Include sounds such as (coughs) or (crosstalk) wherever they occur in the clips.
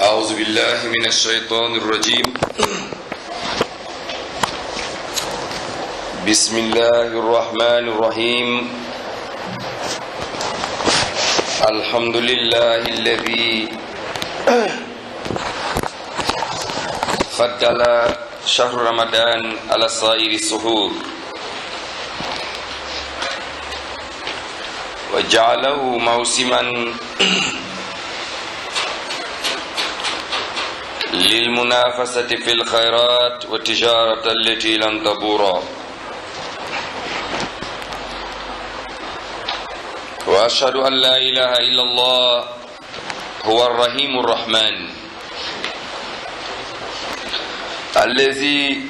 أعوذ بالله من الشيطان الرجيم بسم الله الرحمن الرحيم الحمد لله الذي فضل شهر رمضان على سائر السحور وجعله موسما للمنافسة في الخيرات والتجارة التي لن تبورا وأشهد أن لا إله إلا الله هو الرحيم الرحمن الذي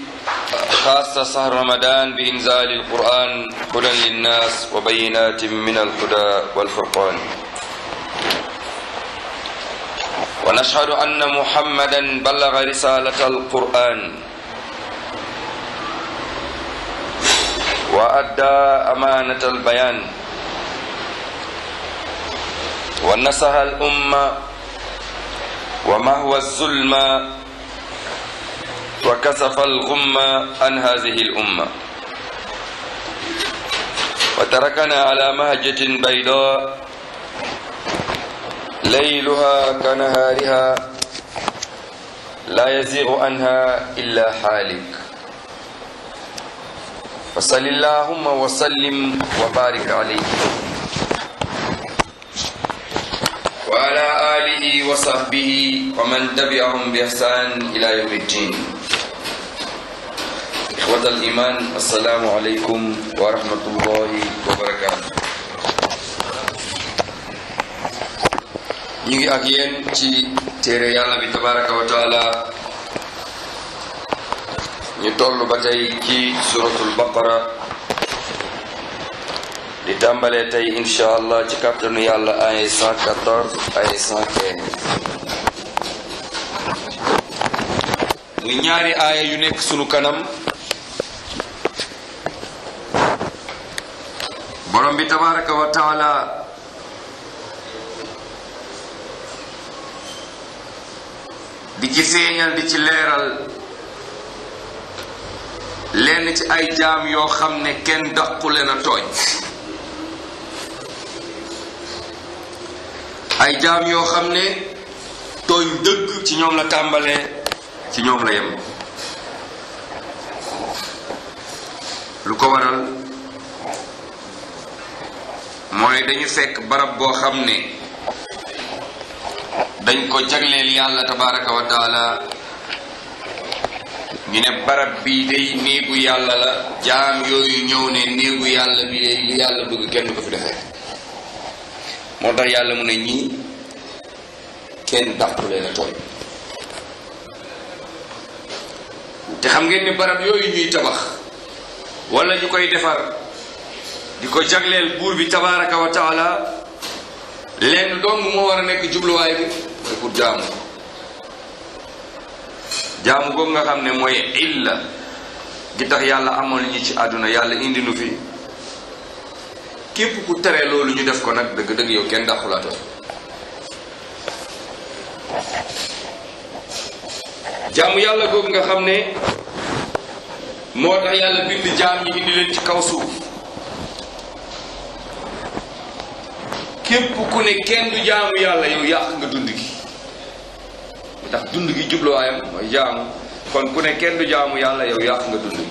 خاص شهر رمضان بإنزال القرآن هدى للناس وبينات من الهدى والفرقان ونشهد أن محمدا بلغ رسالة القرآن وأدى أمانة البيان ونصح الأمة ومهوى الظلم وكسف الغم عن هذه الأمة وتركنا على مهجة بيضاء ليلها كنهارها لا يزيغ عنها إلا حالك فصل اللهم وسلم وبارك عليه وعلى آله وصحبه ومن تبعهم بإحسان إلى يوم الدين إخوة الإيمان السلام عليكم ورحمة الله وبركاته ñu ngi ak ci téere yàlla toll ba tey ci suratul baqara di tàmbalee tey insha allah ci kàttanu yàlla ay 114 ay ñaari aaya yu sunu kanam borom bi tabaraka wa di ci feeñal di ci leeral lenn ci ay jaam yoo xam ne kenn daqu leen a tooñ ay jaam yoo xam ne tooñ dëgg ci ñoom la tàmbalee ci ñoom la yem lu ko waral mooy dañu fekk barab boo xam ne dañ ko jagleel yàlla tabaraka wa taala ñu ne barab bii day néegu yàlla la jaam yooyu ñëw ne néegu yàlla bi day yàlla bëgg kenn ko fi defee moo tax yàlla mu ne ñii kenn dàqu leen a te xam ngeen ni barab yooyu ñuy tabax wala ñu koy defar di ko jagleel buur bi tabaraka wa taala lenn dong moo war a nekk jubluwaay bi mooy pour jaamu jaamu boobu nga xam ne mooy illa gi tax yàlla amoon ñi ci àdduna yàlla indi nu fi képp ku tere loolu ñu def ko nag dëgg dëgg yow kenn dàqulaatoo jaamu yàlla googu nga xam ne moo tax yàlla bind jaam ñi indi leen ci kaw suuf képp ku ne kenn du jaamu yàlla yow yàq nga dund gi ndax dund gi jubluwaayam mooy jaamu kon ku ne kenn du jaamu yàlla yow yàq nga dund gi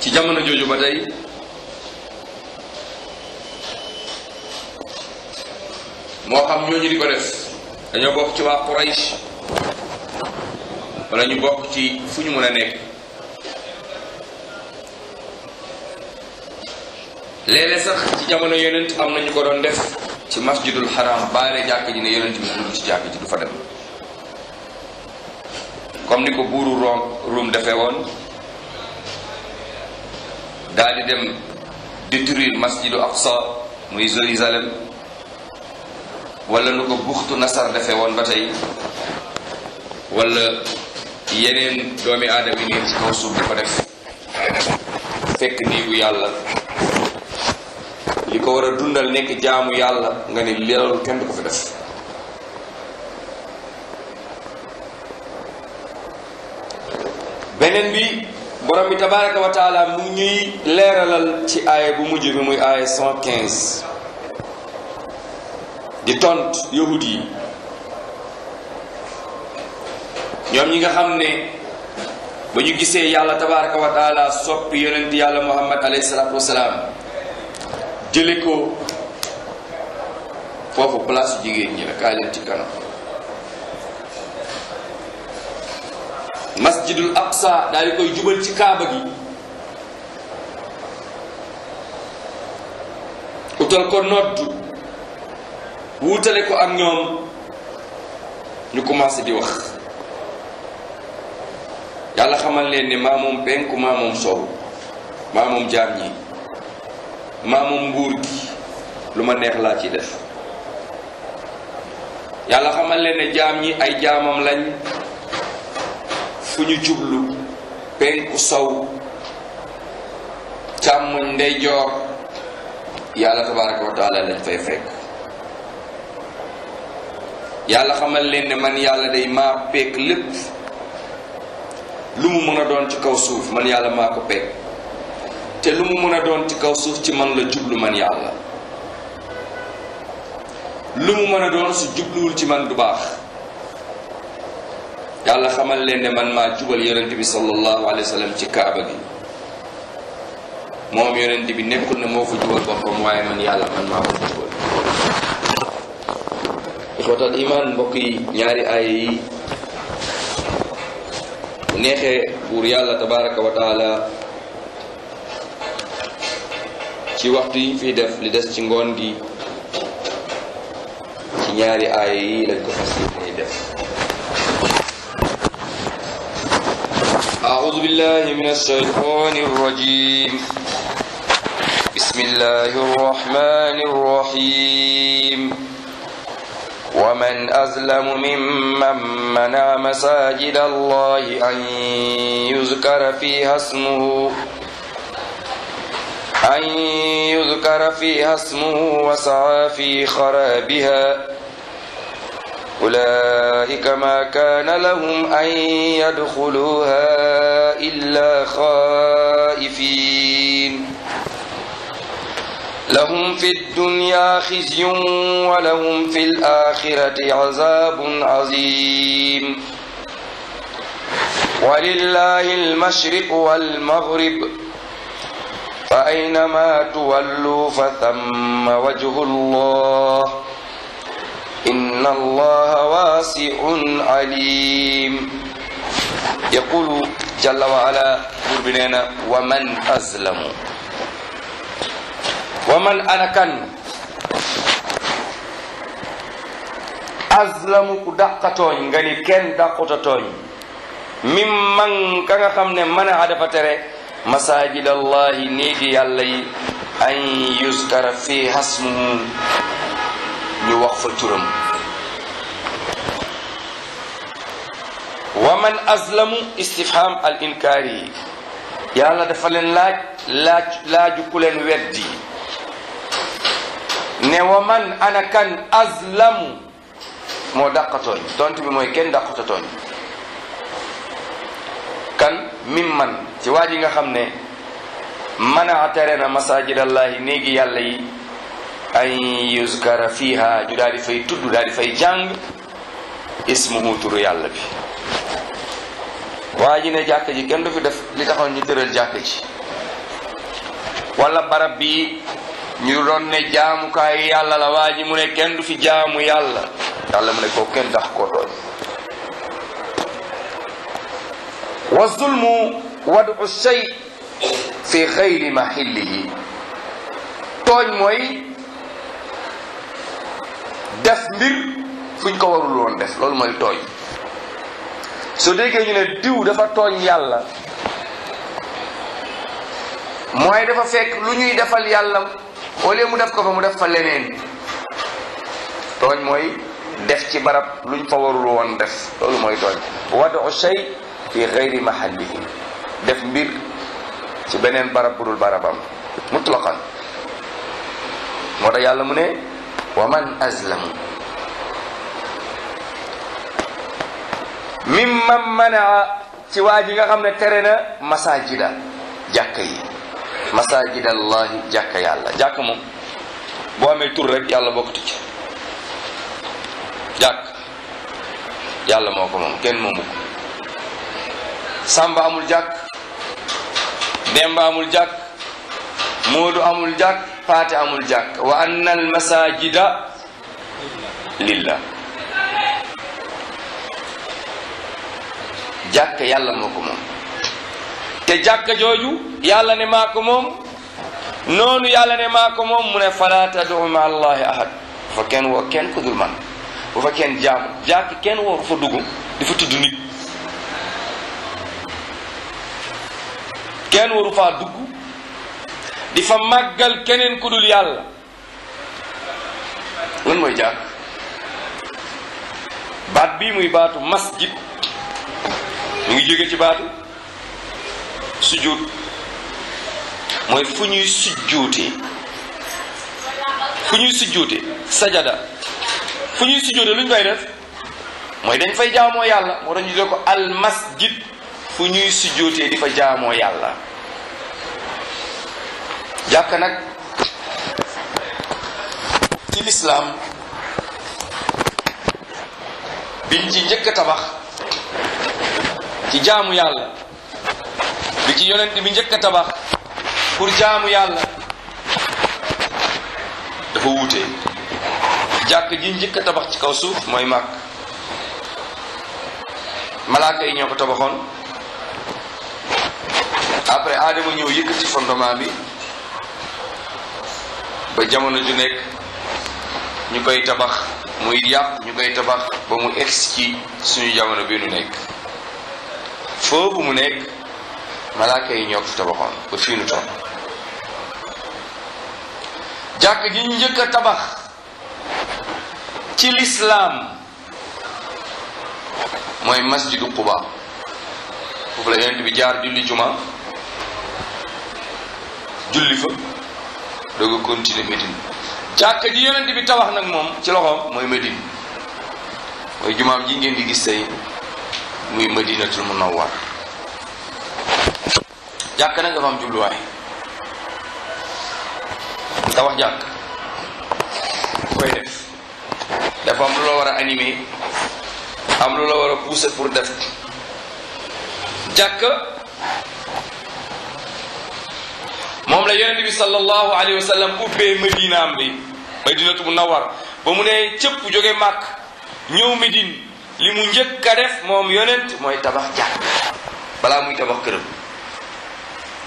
ci jamono jooju ba tey moo xam ñooñu di ko def dañoo bokk ci waa Quraysh wala ñu bokk ci fu ñu mën a nekk léeg sax ci jamono yonent am nañu ko doon def ci masjidul haram baare jàkk ji ne yonent bi dugg ci jàkk ji du fa dem comme ni ko buuru rom ruum defee woon daal di dem détruire masjidu aqsa muy Jérusalem wala nu ko buxtu nasar defee woon ba tey wala yeneen doomi aadama yi nekk ci kaw suuf fekk néegu yàlla di ko war a dundal nekk jaamu yàlla nga ne loolu kenn du ko fi def beneen bi borom bi tabaraka wa taala mu ñuy leeralal ci aaya bu mujj bi muy aaya 115 di tont yahud yi ñoom ñi nga xam ne ba ñu gisee yàlla tabaraka wa taala soppi yàlla muhammad alayhi salaatu wasalaam jële ko foofu place jigéen ñi la kaa leen ci kanam masjidul aqsa daal koy jubal ci kaaba gi utal ko noddu wuutale ko am ñoom ñu commencé di wax yàlla xamal leen ne maa moom penku maa soow maa moom jaam ñi maa moom nguur gi lu ma neex laa ci def yàlla xamal leen ne jaam ñi ay jaamam lañ fu ñu jublu penku sow càmmoñ ndeyjoor yàlla tabaraka fay fekk yàlla xamal leen man yàlla day maa peek lépp lu mu mën a doon ci kaw suuf man yàlla maa ko peek te lu mu mën a doon ci kaw suuf ci man la jublu man yàlla lu mu mën a doon su jubluwul ci man du baax yàlla xamal leen ne man maa jubal yonent bi sallallahu alayhi wa ci kaaba gi moom yonent bi nekkul ne moo ko jubal boppam waaye man yàlla man maa ko jubal ixwatal iman mbokk yi ñaari aaya yi neexee buur yàlla tabaraka wa taala ci waxtu yi ñu fiy def li des ci ngoon gi ci ñaari aaya yi lañ ko fas yéene def أعوذ بالله من الشيطان الرجيم بسم الله الرحمن الرحيم ومن أظلم ممن منع مساجد الله أن يذكر فيها اسمه أن يذكر فيها اسمه وسعى في خرابها أولئك ما كان لهم أن يدخلوها إلا خائفين لهم في الدنيا خزي ولهم في الآخرة عذاب عظيم ولله المشرق والمغرب fa aynama tuwallu fa thamma wajhu llah inna allaha waasiun alim yaqulu jalla wa ala buur bi nee na wa man azlamu wa man anakan azlamu ku dàqa tooñ nga ni kenn dàquta tooñ mimman ka nga xam ne mën a dafa tere masaajidallahi néegi yàlla yi an yuskara fi hasmuhu ñu wax fa turam wa man azlamu istifham al inkaar yi yàlla dafa leen laaj laaj laaju ku leen weddi ne wa man ana kan azlamu moo dàqatooñ tontu bi mooy kenn dàqatatooñ kan mim man ci waa ji nga xam ne mana tere na masajidallaahi néegi yàlla yi ay yuzkara fiha ju daal di fay tudd daal di fay jàng ismuhu turu yàlla bi waa ji ne jàkk ji kenn du fi def li taxoon ñu tëral jàkk ji wala barab bi ñu doon ne jaamukaay yàlla la waa ji mu ne kenn du fi jaamu yàlla yàlla mu ne ko kenn tax koo tooñ wa zulmu wadu shay fi xayri mahillihi tooñ mooy def mbir fuñ ko warul woon def loolu mooy tooñ soo déggee ñu ne diw dafa tooñ yàlla mooy dafa fekk lu ñuy defal yàlla au mu def ko fa mu def fa leneen tooñ mooy def ci barab luñ fa warul woon def loolu mooy tooñ wadu shay fi xayri mahallihi def mbir ci beneen barab budul barabam mutlaqan moo tax yàlla mu ne wa man azlamu mimman manaa ci waa ji nga xam ne tere na masajida jàkk yi masajida allahi jàkk yàlla jàkk moom boo amee tur rek yàlla bokkatu ci jàkk yàlla moo ko moom kenn moomu ko Samba amul jàkk Demba amul jàkk Moodu amul jàkk Paate amul jàkk wa anna al masajida lillah jàkk yàlla moo ko moom te jàkk jooju yàlla ne maa ko noonu yàlla ne maa ko moom mu ne fala tad'u ma allahi ahad bu kenn woo kenn ku dul man kenn jaamu jàkk kenn woo fa di fa tudd kenn waru faa dugg di fa màggal keneen ku dul yàlla lan mooy jàkk baat bii muy baatu masjid mu ngi jóge ci baatu sujjuut mooy fu ñuy sujjuutee fu ñuy sujjuutee sajada fu ñuy sujjuutee lu ñu fay def mooy dañ fay jaamoo yàlla moo tax ñu dee ko al fu ñuy sujjóotee di fa jaamoo yàlla jàkka nag ci lislaam biñ ci njëkk a tabax ci jaamu yàlla bi ci yonent bi njëkk a tabax pour jaamu yàlla dafa wuute jàkk ji njëkk a tabax ci kaw suuf mooy màkk malaaka yi ñoo ko tabaxoon après aadama ñëw yëkkati fondement bi ba jamono ju nekk ñu koy tabax muy yàpp ñu koy tabax ba mu egsi ci suñu jamono bi nu nekk foofu mu nekk malaaka yi ñoo ko fi tabaxoon ba fii nu toll jàkk ji ñu njëkk a tabax ci lislaam mooy masjidu Quba foofu la jaar julli juma julli fa doog continuer Médine jàkka ji yonent bi tabax nag moom ci loxoom mooy Médine mooy jumaam ji ngeen di gis tey muy Madinatul Munawwar jàkka nag dafa am jubluwaay tabax jàkk koy def dafa am lu la war a animé am lu la war a pousser pour def jàkka moom la yonent bi sallallahu alayhi wa sallam ubbee madinaam bi madinatu munawwar ba mu ne cëpp jóge màkk ñëw Medine li mu njëkk a def moom yonent mooy tabax jàkk balaa muy tabax këram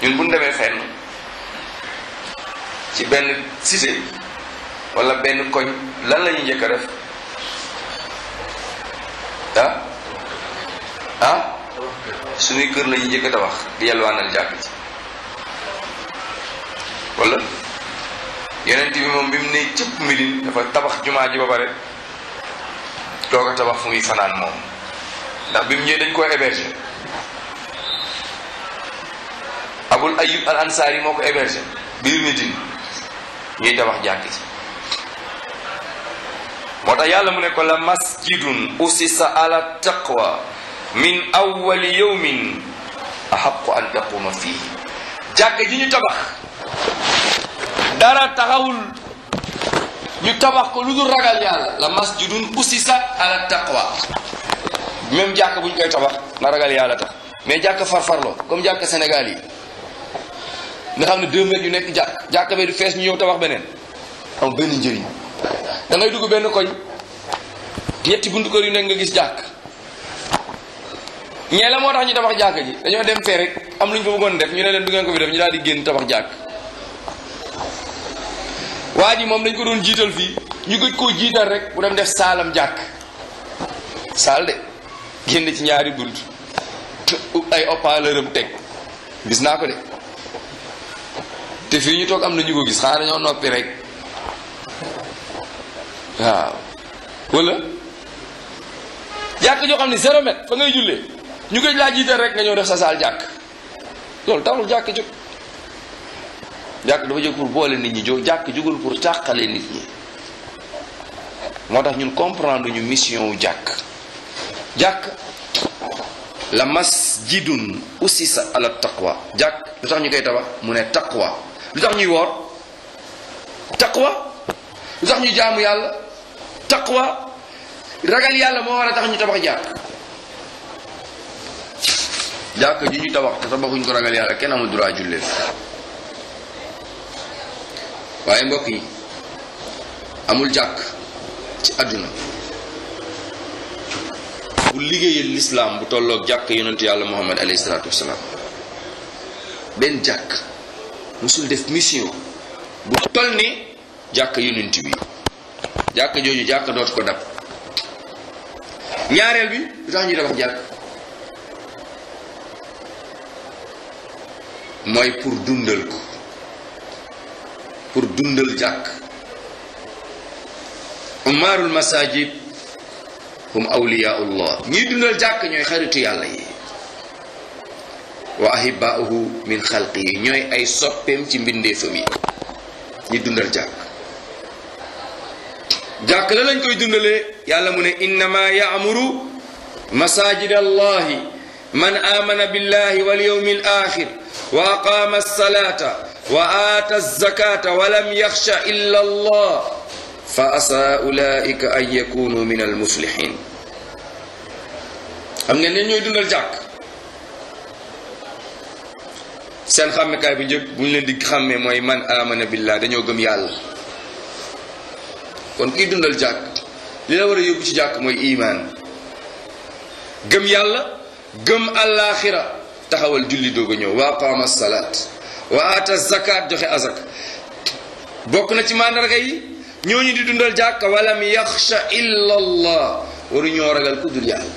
ñun bu ñu demee fenn ci benn cité wala benn koñ lan la ñuy njëkk a def ah ah suñuy kër la ñuy njëkk a tabax di yalwaanal jàkk ci wala yeneen bi moom bi mu ne cëpp Médine dafa tabax jumaa ji ba pare doog a tabax fu muy fanaan moom ndax bi mu dañ koo héberger Abul Ayyub al Ansaari moo ko héberger biir Médine ñuy tabax jàkk ci moo tax yàlla mu ne ko la masjidun sa ala taqwa min awwali yawmin ko an taquma fii jàkk ji ñu tabax dara taxawul ñu tabax ko lu dul ragal yàlla la masjidun usisa ala taqwa même jàkk bu ñu koy tabax na ragal yàlla tax mais jàkk farfarloo comme jàkk Sénégal yi nga xam ne deux mètres yu nekk jàkk jàkk bee du fees ñu ñëw tabax beneen am benn njëriñ da ngay dugg benn koñ ñetti buntu kër yu nekk nga gis jàkk ñee la moo tax ñu tabax jàkk ji dañoo dem fee rek am lu ñu fa bëggoon def ñu ne leen du ko fi def ñu daal di génn tabax jàkk waa ji moom dañ ko doon jiital fii ñu gëj koo jiital rek bu dem def saalam jàkk saal de génn ci ñaari bunt ay opaleeram teg gis naa ko de te fii ñu toog am na ñu ko gis xanaa dañoo noppi rek waaw walla jàkk joo xam ne zéro mètre fa ngay jullee ñu gëj laa jiital rek nga ñëw def sa saal jàkk loolu tawul jàkk jóg jàkk dafa jóg pour boole nit ñi jóg jàkk jógul pour tàqale nit ñi moo tax ñun comprendre ñu mission wu jàkk jàkk la masjidun usisa ala taqwa jàkk lu tax ñu koy tabax mu ne taqwa lu tax ñuy woor taqwa lu tax ñu jaamu yàlla taqwa ragal yàlla moo war a tax ñu tabax jàkk jàkk ji ñu tabax te tabaxuñ ko ragal yàlla kenn amul droit jullee waaye mbokk yi amul jàkk ci àdduna bu liggéeyal lislaam bu tolloog jàkk yonent yàlla muhammad alayhi salaatu wasalaam benn jàkk musul def mission bu toll ni jàkk yonent bi jàkk jooju jàkk dootu ko dab ñaareel bi lu tax ñuy tabax jàkk mooy pour dundal ko pour dundal jàkk umaarul masajid hum awliyaullah ñiy dundal jàkk ñooy xaritu yàlla yi wa ahibaahu min xalqi yi ay soppeem ci mbindeefam yi ñi dundal jàkk jàkk la lañ koy dundalee yàlla mu ne innama yaamuru masajid allahi man amana billahi wal yawmi al axir wa wa aata zakata wa lam yaxsha illa allah fa asa ulaika an yakunu min al muslihin xam ngeen ne ñooy dundal jàkk seen xàmmekaay bu njëkk bu ñu leen di xàmmee mooy man bi billah dañoo gëm yàlla kon kii dundal jàkk li la war a yóbbu ci jàkk mooy imaan gëm yàlla gëm àllaaxira taxawal julli doog a ñëw waa qaama salaat waata zakat joxe azak bokk na ci mandarga yi ñooñu di dundal jàkka walam yaxsha illa allah waru ñoo ragal ku dul yàlla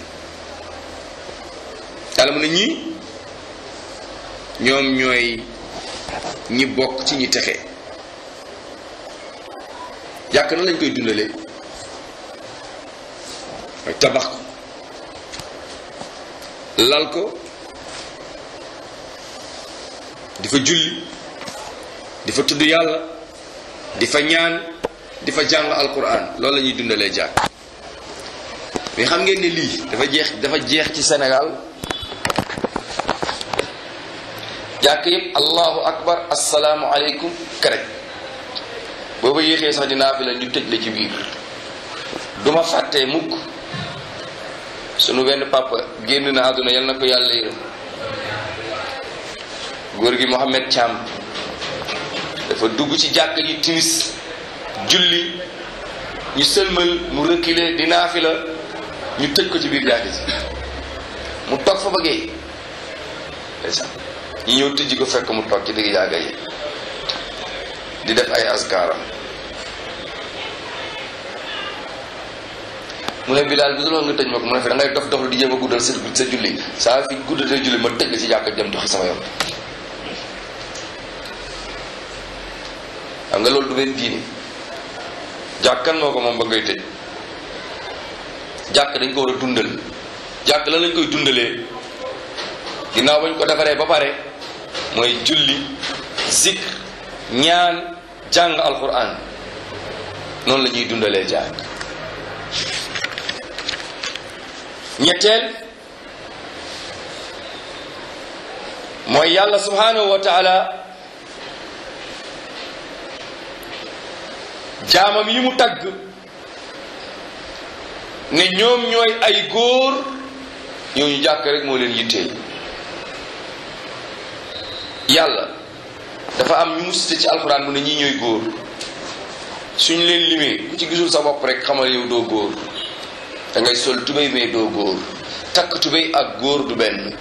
yàlla mu ne ñoom ñooy ñi bokk ci ñi texe jàkk na lañ koy dundalee mooy tabax ko lal ko di fa julli di fa tudd yàlla di fa ñaan di fa jàng alquran loolu la ñuy dundalee jàng mais xam ngeen ne lii dafa jeex dafa jeex ci senegal jàkk yëpp allahu akbar asalaamu aleykum kerek booba yéexee sax dinaa fi la ñu tëj la ci biir duma fàttee mukk sunu benn papa génn na àdduna yal na ko yàlla yërëm góor gi Mohamed Thiam dafa dugg ci jàkk ji timis julli ñu sëlmal mu reculer di naafila ñu tëj ko ci biir jàkk ji mu toog fa bëggee ñu ñëw tëjji ko fekk mu toog ci digg jàkk ji di def ay askaaram mu ne bilaal bi loolu nga tëj ma ko mu ne fi da ngay dof lu di jéem a guddal sa sa julli saa fi guddatee julli ma tëj la ci jàkk jëm doxi sama yoon xam nga loolu du benn diine jàkkan moo ko moom ba ngay tëj jàkk dañ ko war a dundal jàkk lan lañ koy dundalee ginnaaw bañ ko defaree ba pare mooy julli zikr ñaan jàng alquran noonu la ñuy dundalee jàkk ñetteel mooy yàlla subhanahu wa jaamam yi mu tagg ne ñoom ñooy ay góor ñu jàkk rek moo leen yitteel yàlla dafa am ñu mu cité ci alxuraan bu ne ñii ñooy góor suñ leen limee ku ci gisul sa bopp rek xamal yow doo góor da ngay sol tubéy mais doo góor takk tubéy ak góor du benn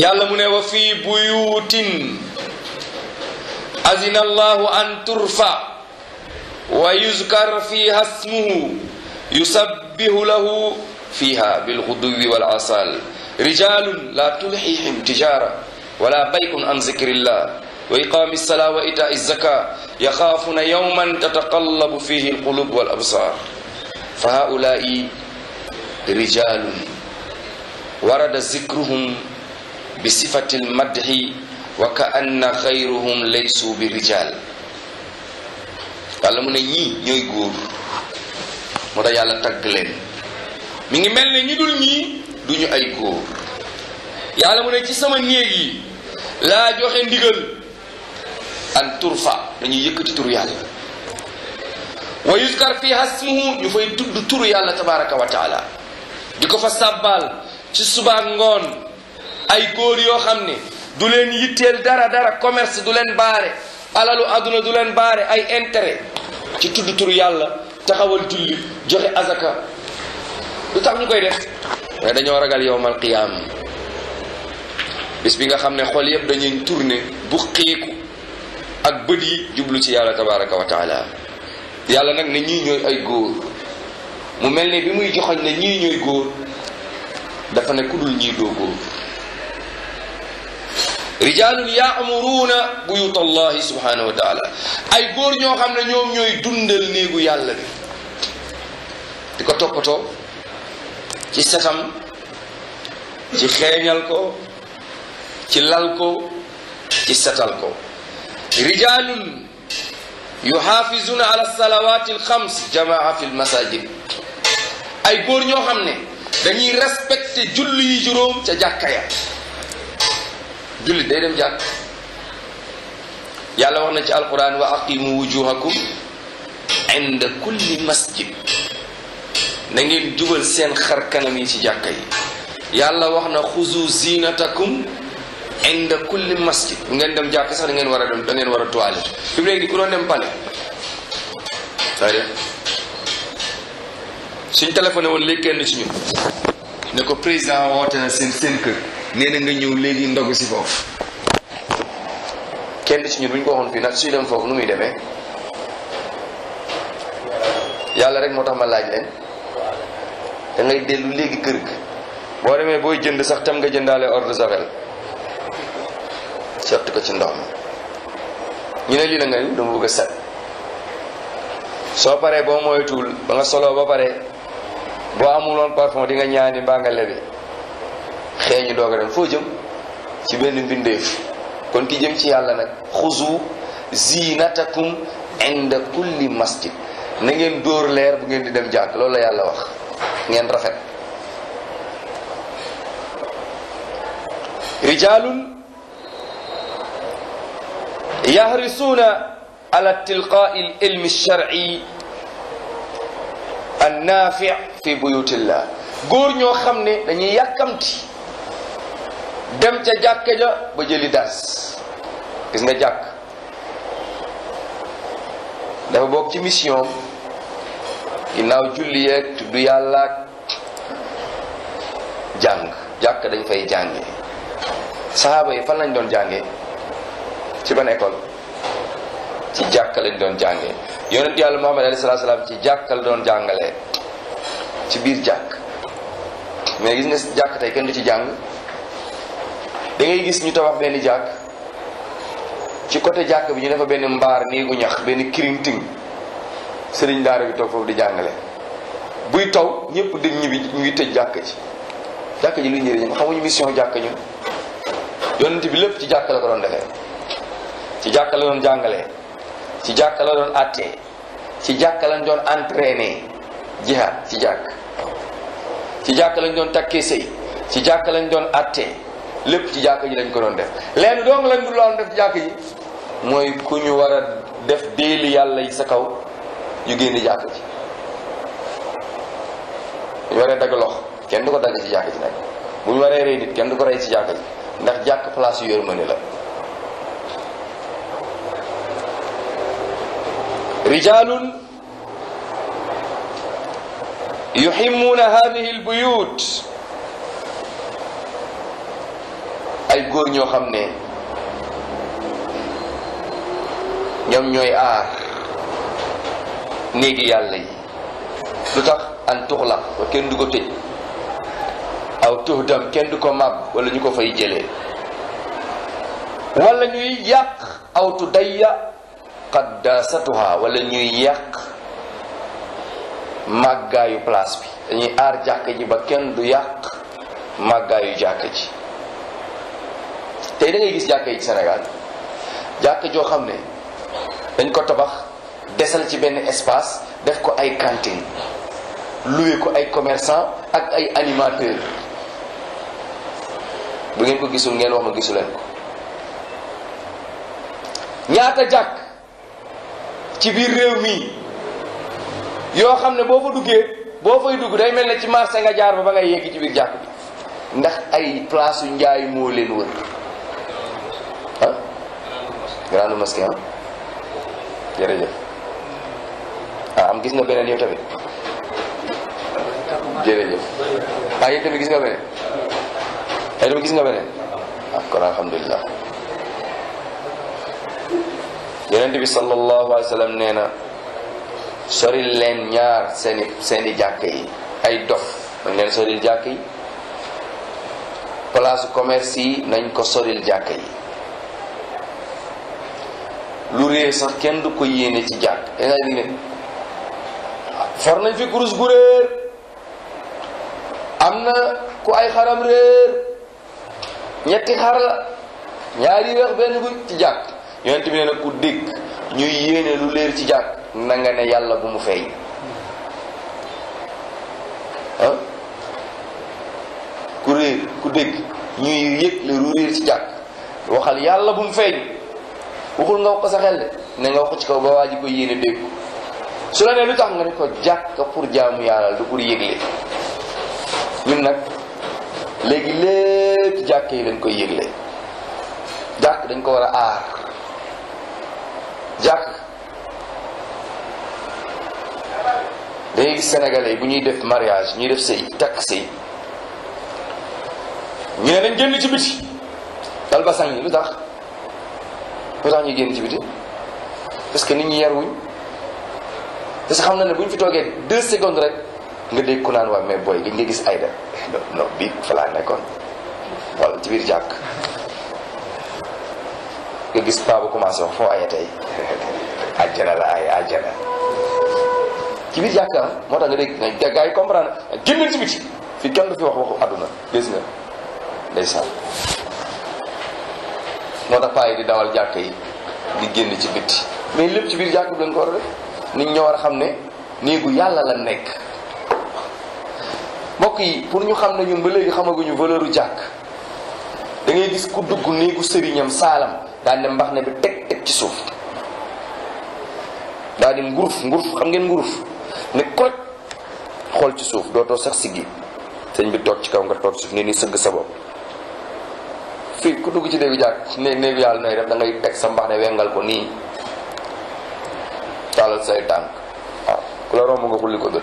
yàlla mu ne wa fii buyutin azina allahu an turfa wa yuzkar fiha ismuhu yusabbihu lahu fiha bilguduwi walasal rijalun la tulhihim tijara wala bay'un an zikrillah wa iqami lsalaa wa itaai zaka yaxaafuuna yowman tataqallabu fihi alqulub wal absar fa haulaai rijalun warada zikruhum bi sifati almadhi wa ka anna xayruhum bi rijaal yàlla mu ne ñii ñooy góor moo tax yàlla tagg leen mi ngi mel ne ñi dul ñii duñu ay góor yàlla mu ne ci sama néeg yi laa joxe ndigal an turfa dañuy yëkkati turu yàlla wa yuskar fi hasmuhu ñu fay tudd turu yàlla tabaraka wa taala di ko fa sàbbaal ci subaak ngoon ay góor yoo xam ne du leen yitteel dara dara commerce du leen baare alalu àdduna du leen baare ay intere ci tudd turu yàlla taxawal julli joxe azaka lu tax ñu koy def mais dañoo ragal yowmal qiyaam bis bi nga xam ne xol yëpp dañuy tourné bu xiiku ak bët yi jublu ci yàlla tabaraka wa taala yàlla nag ne ñii ñooy ay góor mu mel ni bi muy joxoñ ne ñii ñooy góor dafa ne ku dul ñii doo góor rijalun yaamuruuna buyuta allahi subhanahu wa taala ay góor ñoo xam ne ñoom ñooy dundal néegu yàlla bi di ko toppatoo ci setam ci xeeñal ko ci lal ko ci setal ko rijalun yuxaafisuuna ala salawaati alxams jamaa fi lmasajid ay góor ñoo xam ne dañuy respecté julli yi ca jàkka jullit day dem jàkk yàlla wax na ci alquran wa aqimu wujuhakum inda kulli masjid na ngeen jubal seen xar kanam yi ci jàkka yi yàlla wax na xuzu zinatakum inda kulli masjid bu ngeen dem jàkk sax da ngeen war a dem da ngeen war a toilette fi mu léegi ku doon dem pale suñ téléphoné woon léegi kenn ci ñun ne ko président woote na seen seen kër nee na nga ñëw léegi ndogu si foofu kenn ci ñun bu ñu ko waxoon fii nag suy dem foofu nu muy demee yàlla rek moo tax ma laaj leen da ngay dellu léegi kër boo demee booy jënd sax tam nga jëndaale eau de javel sotti ko ci ndox mi ñu ne lii la nga dama bëgg a set soo paree boo moytuwul ba nga soloo ba pare boo amuloon parfum di nga ñaani mbaa nga lebi xee ñu doog a dem foo jëm ci benn mbindeef kon ki jëm ci yàlla nag xuzu zinatakum inda kulli masjid na ngeen dóor leer bu ngeen di dem jàkk loolu la yàlla wax ngeen rafet rijalun yahrisuuna ala tilqaa'i al ilmi shar'i an naafi fi buyutillah góor ñoo xam ne dañuy yàkkamti dem ca jàkke ja ba jëli dars gis nga jàkk dafa bokk ci mission ginnaaw julli yeeg tudd yàlla ak jàng jàkk dañ fay jànge saxaaba yi fan lañ doon jànge ci ban école ci jàkk lañ doon jànge yonent yàlla muhammad alayhi salaatu salaam ci jàkk la doon jàngale ci biir jàkk mais gis nga jàkk tey kenn du ci jàng da ngay gis ñu tabax benn jàkk ci côté jàkk bi ñu defa benn mbaar néegu ñax benn kirinting sëriñ daara bi toog foofu di jàngale buy taw ñëpp dem ñibbi ñu ngi tëj jàkk ji jàkk ji lu njëriñam mission jàkk ñun yonent bi lépp ci jàkk la ko doon defee ci jàkk la doon jàngalee ci jàkk la doon attee ci jàkk lañ doon entraîné jihaad ci jàkk ci jàkk lañ doon takkee sëy ci jàkk lañ doon attee lépp ci jàkka ji lañ ko doon def leen dong lañ du loon def ci jàkka mooy ku ñu war a def déeli yàlla yi sa kaw yu génn jàkka ji bu ñu waree dagg lox kenn ko dagg ci jàkka waree rey nit kenn du ko rey ci jàkka ji ndax jàkk place yu yërmande la rijalun yuhimmuuna hadihi al buyut ay góor ñoo xam ne ñoom ñooy aar néegi yàlla yi lu tax an tuxlaq ba kenn du ko tëj aw tuhdam kenn du ko màbb walla ñu ko fay jëlee wala ñuy yàq aw tudayya qaddasatuha wala ñuy yàq màggaayu place bi dañuy aar jàkk ji ba kenn du yàq màggaayu jàkk ji tey dangay gis jàkka yi ci Sénégal jàkka joo xam ne dañ ko tabax desal ci benn espace def ko ay cantine loué ko ay commerçant ak ay animateur bu ngeen ko gisul ngeen wax ma gisu leen ko ñaata jàkk ci biir réew mi yoo xam ne boo fa duggee boo fay dugg day mel ne ci marché nga jaar ba ba ngay yegg ci biir jàkk bi ndax ay place yu njaay moo leen wër grande mosquée ah jërëjëf ah am gis nga beneen yow tamit jërëjëf ah gis nga beneen ay tamit gis nga ah, kon alhamdulilah yonent bi sallallahu alayhi wa sallam nee na soril leen ñaar seeni seeni jàkk yi ay dox nañ leen soril jàkk yi place commerce yi nañ ko soril jàkk yi lu réer sax kenn du ko yéene ci jàkk yaa ngi ne fi kurus gu réer am na ku ay xaram réer ñetti xar la ñaari weex benn gu ci jàkk yonent bi nee na ku dégg ñuy yéene lu leer ci jàkk na nga ne yàlla bu mu feeñ ah ku réer ku dégg ñuy yëg lu réer ci jàkk waxal yàlla bu mu feeñ waxul nga wax ko sa xel de ne nga wax ci kaw ba waa ji ko yéene dégg su la nee lu tax nga ne ko jàkka pour jaamu yàlla du pour yëgle ñun nag léegi lépp jàkka yi dañ koy yëgle jàkk dañ ko war a aar jàkk day gis sénégalais bu ñuy def mariage ñuy def sëy takk sëy ñu dañ génn ci biti dal yi lu tax ba tax ñuy génn ci biti parce que nit ñi yar wuñ parce que xam na ne buñ fi toogee deux secondes rek nga dégg ku naan waa mais booy nga gis Aïda (laughs) non non bii fa nekkoon walla ci biir jàkk nga gis paa bu commencé wax foo aye tey (laughs) àjjana la ay àjjana ci biir jàkk moo tax nga dégg gaa yi comprendre génnal ci biti fi kenn du fi wax waxu àdduna gis nga ndeysaan moo tax paa yi di dawal jàkk yi di génn ci bitti mais lépp ci biir jàkk bi lañ ko war a xam ne néegu yàlla la nekk mbokk yi pour ñu xam ne ñun ba léegi xamaguñu valeur u jàkk da gis ku dugg néegu sëriñam saalam daal mbax ne bi teg teg ci suuf daal di nguruf nguruf xam ngeen nguruf ne koroj xool ci suuf dootoo sax siggi sëñ bi toog ci kaw nga toog ci suuf ne ni sëgg sa bopp fii ku dugg ci néegu jàkk néegu yàlla nooy def da teg sa mbax ne wengal ko nii taalal say tànk ku la romb nga xulli ko gën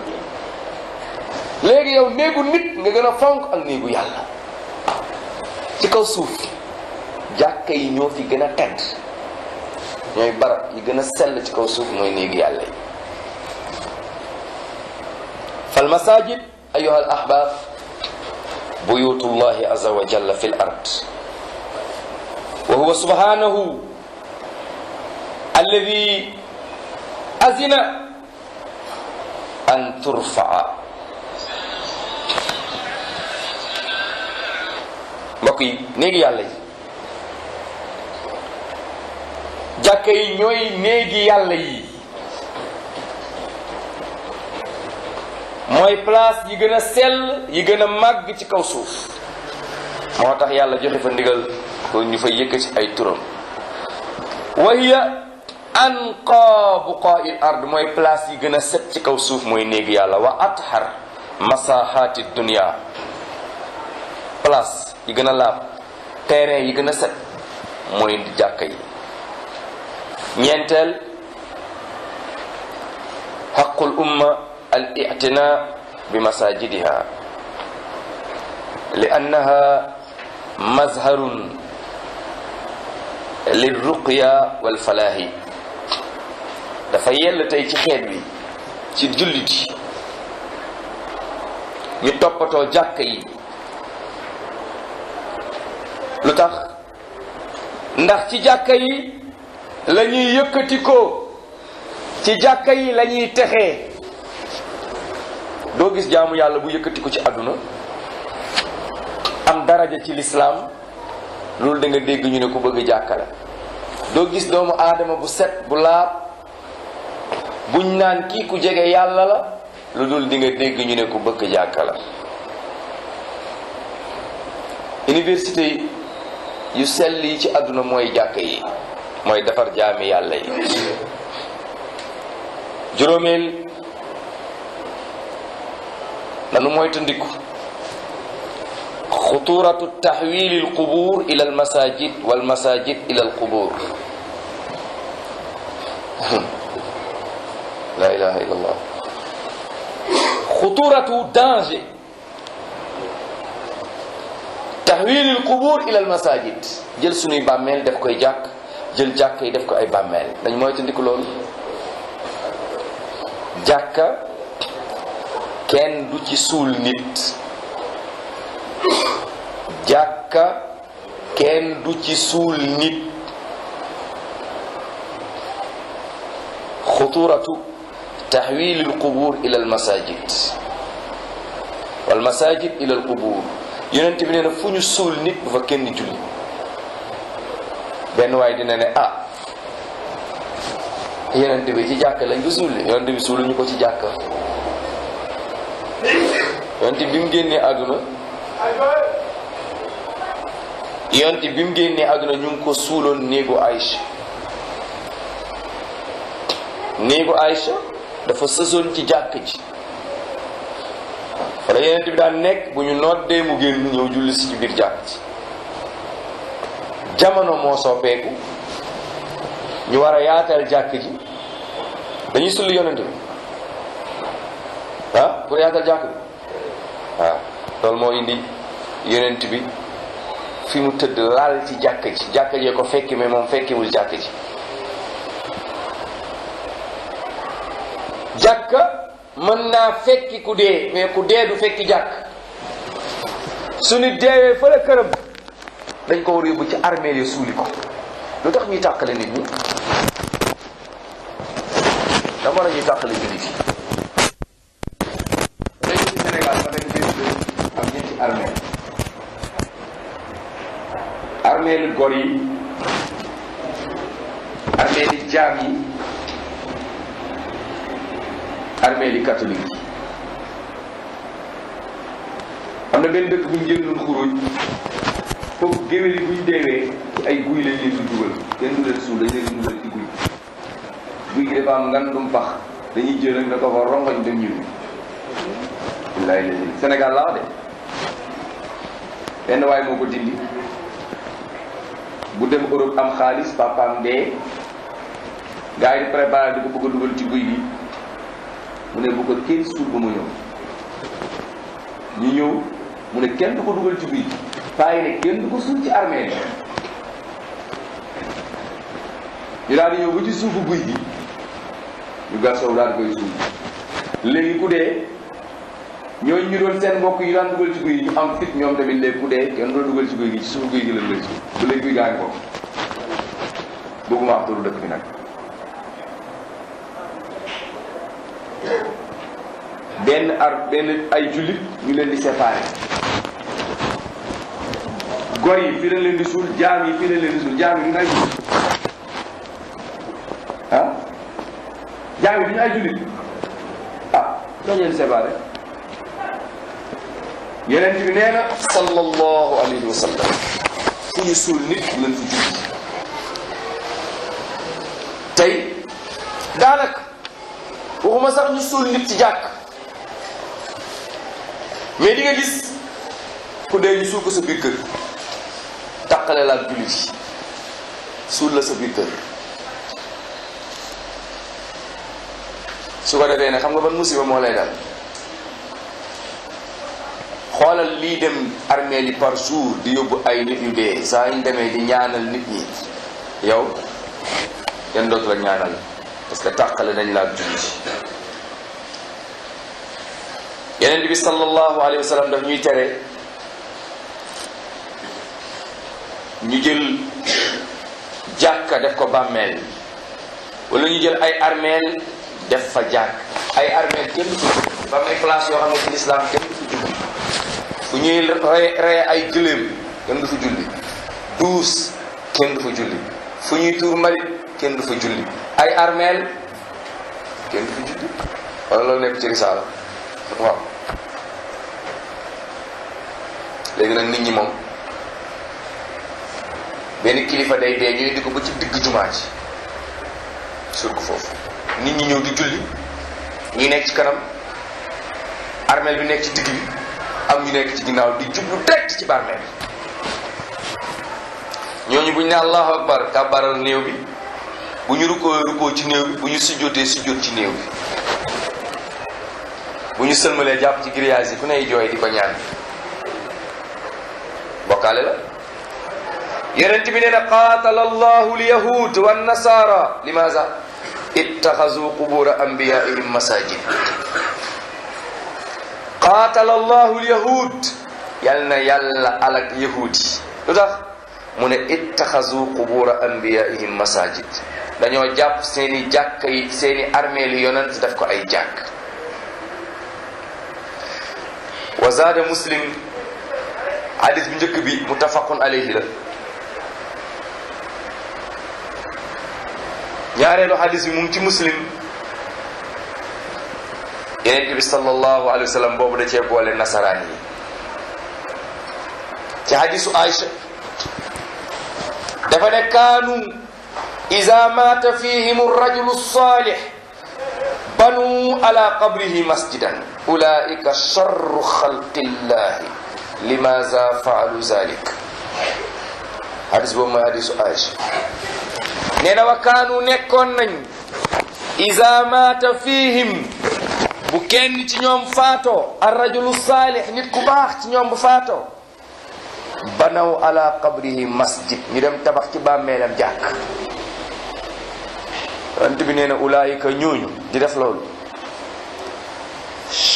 léegi yow néegu nit nga gën a fonk ak néegu yàlla ci kaw suuf jàkka yi ñoo fi gën a tedd ñooy barab yi gën a sell ci kaw suuf mooy néegu yàlla yi fal masajid ayyuha al ahbab buyutullahi azza wa jalla fi l وهو سبحانه الذي أذن أن ترفع mbokk yi néegi yàlla yi jàkka yi ñooy néegi yàlla yi mooy place yi gën a sell yi gën a màgg ci kaw suuf moo tax yàlla joxe fa ndigal kon ñu fay yëkkati ay turam wa hiya anqa buqaa'il ard mooy place yi gën a set ci kaw suuf mooy néegi yàlla wa athar masahaati dunia place yi gën a laab terrain yi gën a set mooy jàkka yi ñeenteel xaqul umma bi masajidiha li mazharun li ruqya wal falaahi dafa yell tey ci xeet bi ci jullit yi ñu toppatoo jàkk yi lu tax ndax ci jàkka yi la ñuy yëkkatikoo ci jàkka yi lañuy ñuy texee doo gis jaamu yàlla bu yëkkatiku ci àdduna am daraja ci lislaam loolu da nga dégg ñu ne ku bëgg jàkkale doo gis doomu aadama bu set bu laab buñ naan kii ku jege yàlla la lu dul di nga dégg ñu ne ku bëgg jàkka la université yu sell yi ci àdduna mooy jàkk yi mooy defar jaami yàlla yi juróomeel nanu mooy tandiku xuturatu taxwili alqubur ila almasajid walmasajid ila alqubur la ilaha illa allah xuturatu danger taxwili alqubur ila almasajid jël suñuy bàmmeel def koy jàkk jël jàkk yi def ko ay bàmmeel dañ mooy tandiku loolu jàkka kenn du ci suul nit jàkka kenn du ci suul nit xuturatu taxwil alqubur ila almasajid walmasajid ila alqubur yonent bi nee na fu ñu suul nit bu kenn julli benn waay dina ne ah yonent bi ci jàkka lañ ko suul yonent bi suulu ñu ko ci jàkka yonent bi mu génnee àdduna yonte bi mu génnee àdduna ñu ngi ko suuloon néegu Aïcha néegu Aïcha dafa sësoon ci jàkk ji wala yonent bi daan nekk bu ñu noddee mu génn ñëw julli si ci biir jàkk ji jamono moo soppeeku ñu war a yaatal jàkk ji dañuy sulli yonent bi ah pour yaatal jàkk bi waaw loolu moo indi yonent bi fi mu tëdd laal ci jàkk ji jàkk jee ko fekki mais moom fekkiwul jàkk ji mën naa fekki ku dee mais ku dee du fekki jàkk su nit deewee fële këram dañ ko war yóbbu ci armeel ya suuli ko lu tax ñuy tàqale nit mi dama la ñuy tàqale jullit yi armeelu gor yi armeeli jaam yi armeeli catholique yi am na benn dëkk bu ñu jëndoon xuruj foofu géwél yi buñ deewee ci ay guy lañ leen dugal kenn du leen suul dañ leen dugal ci guy guy gi dafa am ngandum pax dañuy jël rek da ko fa rongoñ dem ñibbi billaay la Sénégal laa de benn waaye moo ko dindi bu dem Europe am xaalis papaam dee gars yi di préparé di ko bëgg dugal ci guy bi mu ne bu ko kenn suur ba mu ñëw ñu ñëw mu ne kenn du ko dugal ci guy paa yi ne kenn du ko suur ci armée ñu daal di ñëw ba ci suufu guy bi ñu gas soow koy suur léegi ku dee ñooñu ñu doon seen mbokk yi daan dugal ci guy yi ñu am fit ñoom tamit léegi ku dee kenn doon dugal ci guy gi ci guy gi la dugal ci ba léegi guy gaa ngi foofu bëgguma am turu dëkk bi nag benn ar benn ay jullit ñu leen di séparé gor yi fii lañ leen di suul jaam yi fii lañ leen di suul jaam yi duñu ay jullit ah jaam yi duñu yonent bi nee na sallallahu alayhi wa sallam fu suul nit lañ fa julli tey daanaka waxuma sax ñu suul nit ci jàkk mais di nga gis ku dee ñu suul ko sa biir kër la ak julli suul la sa biir kër su ko defee ne xam nga ban musiba moo lay dal xoolal lii dem armée li par jour di yóbbu ay nit ñu dee saa ñu demee di ñaanal nit ñi yow kenn dootu la ñaanal parce que tàqale nañ laa julli yeneen bi sallallahu alayhi wa sallam daf ñuy tere ñu jël jàkka def ko bàmmeel wala ñu jël ay armeel def fa jàkk ay armeel kenn ba may place yoo xam ne ci lislaam kenn fu ñuy rey rey ay gëléem kenn du fa julli duus kenn du fa julli fu ñuy tuur mbalit kenn du fa julli ay armeel kenn du fa julli wala loolu nekk ci risaala waaw léegi nag nit ñi moom benn kilifa day dee ñu di ko ci digg jumaa ji surgu foofu nit ñi ñëw di julli ñi nekk ci kanam armeel bi nekk ci digg bi am ñu nekk ci ginnaaw di jublu direct ci bàmmeel ñooñu bu ñu ne allahu akbar kàbbaral néew bi bu ñu rukkoo rukkoo ci néew bi bu ñu sujjóotee sujjóot ci néew bi bu ñu sëlmalee jàpp ci grillage yi ku ney jooy di ko ñaan bokkaale la yonent bi nee na qaatala allahu lyahud wa nasara limaza ittaxazu qubura anbiyaihim masajid qaatalallahu alyahud yal na yàlla alak yahuud mu ne ittaxazu qubura anbiyaihim masajid dañoo jàpp seeni jàkk yi seeni armeeli yonent daf ko ay jàkk wa zaada muslim hadis bu njëkk bi muttafaqun alayhi la ñaareelu hadis bi mu ngi ci muslim yeneen bi sallallahu alayhi wa sallam boobu da cee boole nasaraan yi ci hadisu Aïcha dafa ne kaanu iza maata fihim rajulu salih banu ala qabrihi masjidan ulaika charru xalqillahi limaza faalu zalik hadis boobu mooy hadisu Aïcha nee na wa kaanu nekkoon nañ iza maata fihim bu kenn ci ñoom faatoo arrajulu saalih nit ku baax ci ñoom bu faatoo banaw ala qabrihi masjid ñu dem tabax ci bàmmeelam jàkk ant bi nee na ulaayika ñooñu di def loolu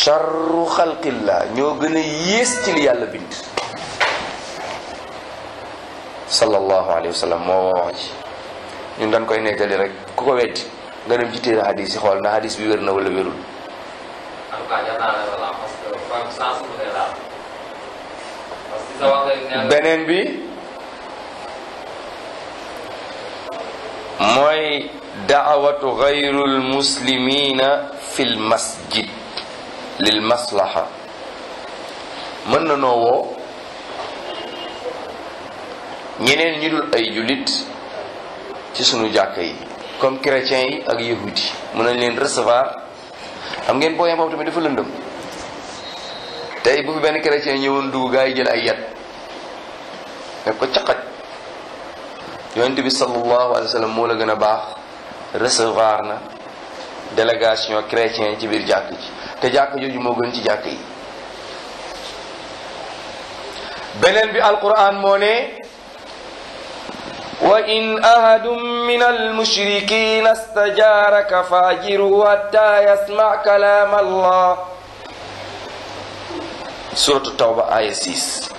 charru xalqillah ñoo gën a yées ci li yàlla bind sallallahu alayhi wa sallam moo wax ci ñun koy nettali rek ku ko weddi nga dem ci téere hadis xool na hadis bi wér na wala wérul beneen bi mooy daawatu gayrul muslimina fil masjid lil maslaha mën na noo woo ñeneen ñi dul ay jullit ci sunu jàkk yi comme chrétiens yi ak yahudi mën nañ leen recevoir xam ngeen booyee boobu tamit dafa lëndëm tey bu fi benn chrétien ñëwoon dugg gaa yi jël ay yat ne ko caqaj yonent bi sallallahu alayhi wa moo la gën a baax recevoir na délégation chrétien ci biir jàkk ji te jàkk jooju moo gën ci jàkk yi beneen bi alquran moo ne وإن أحد من المشركين استجارك فأجره حتى يسمع كلام الله suratu tawba aya 6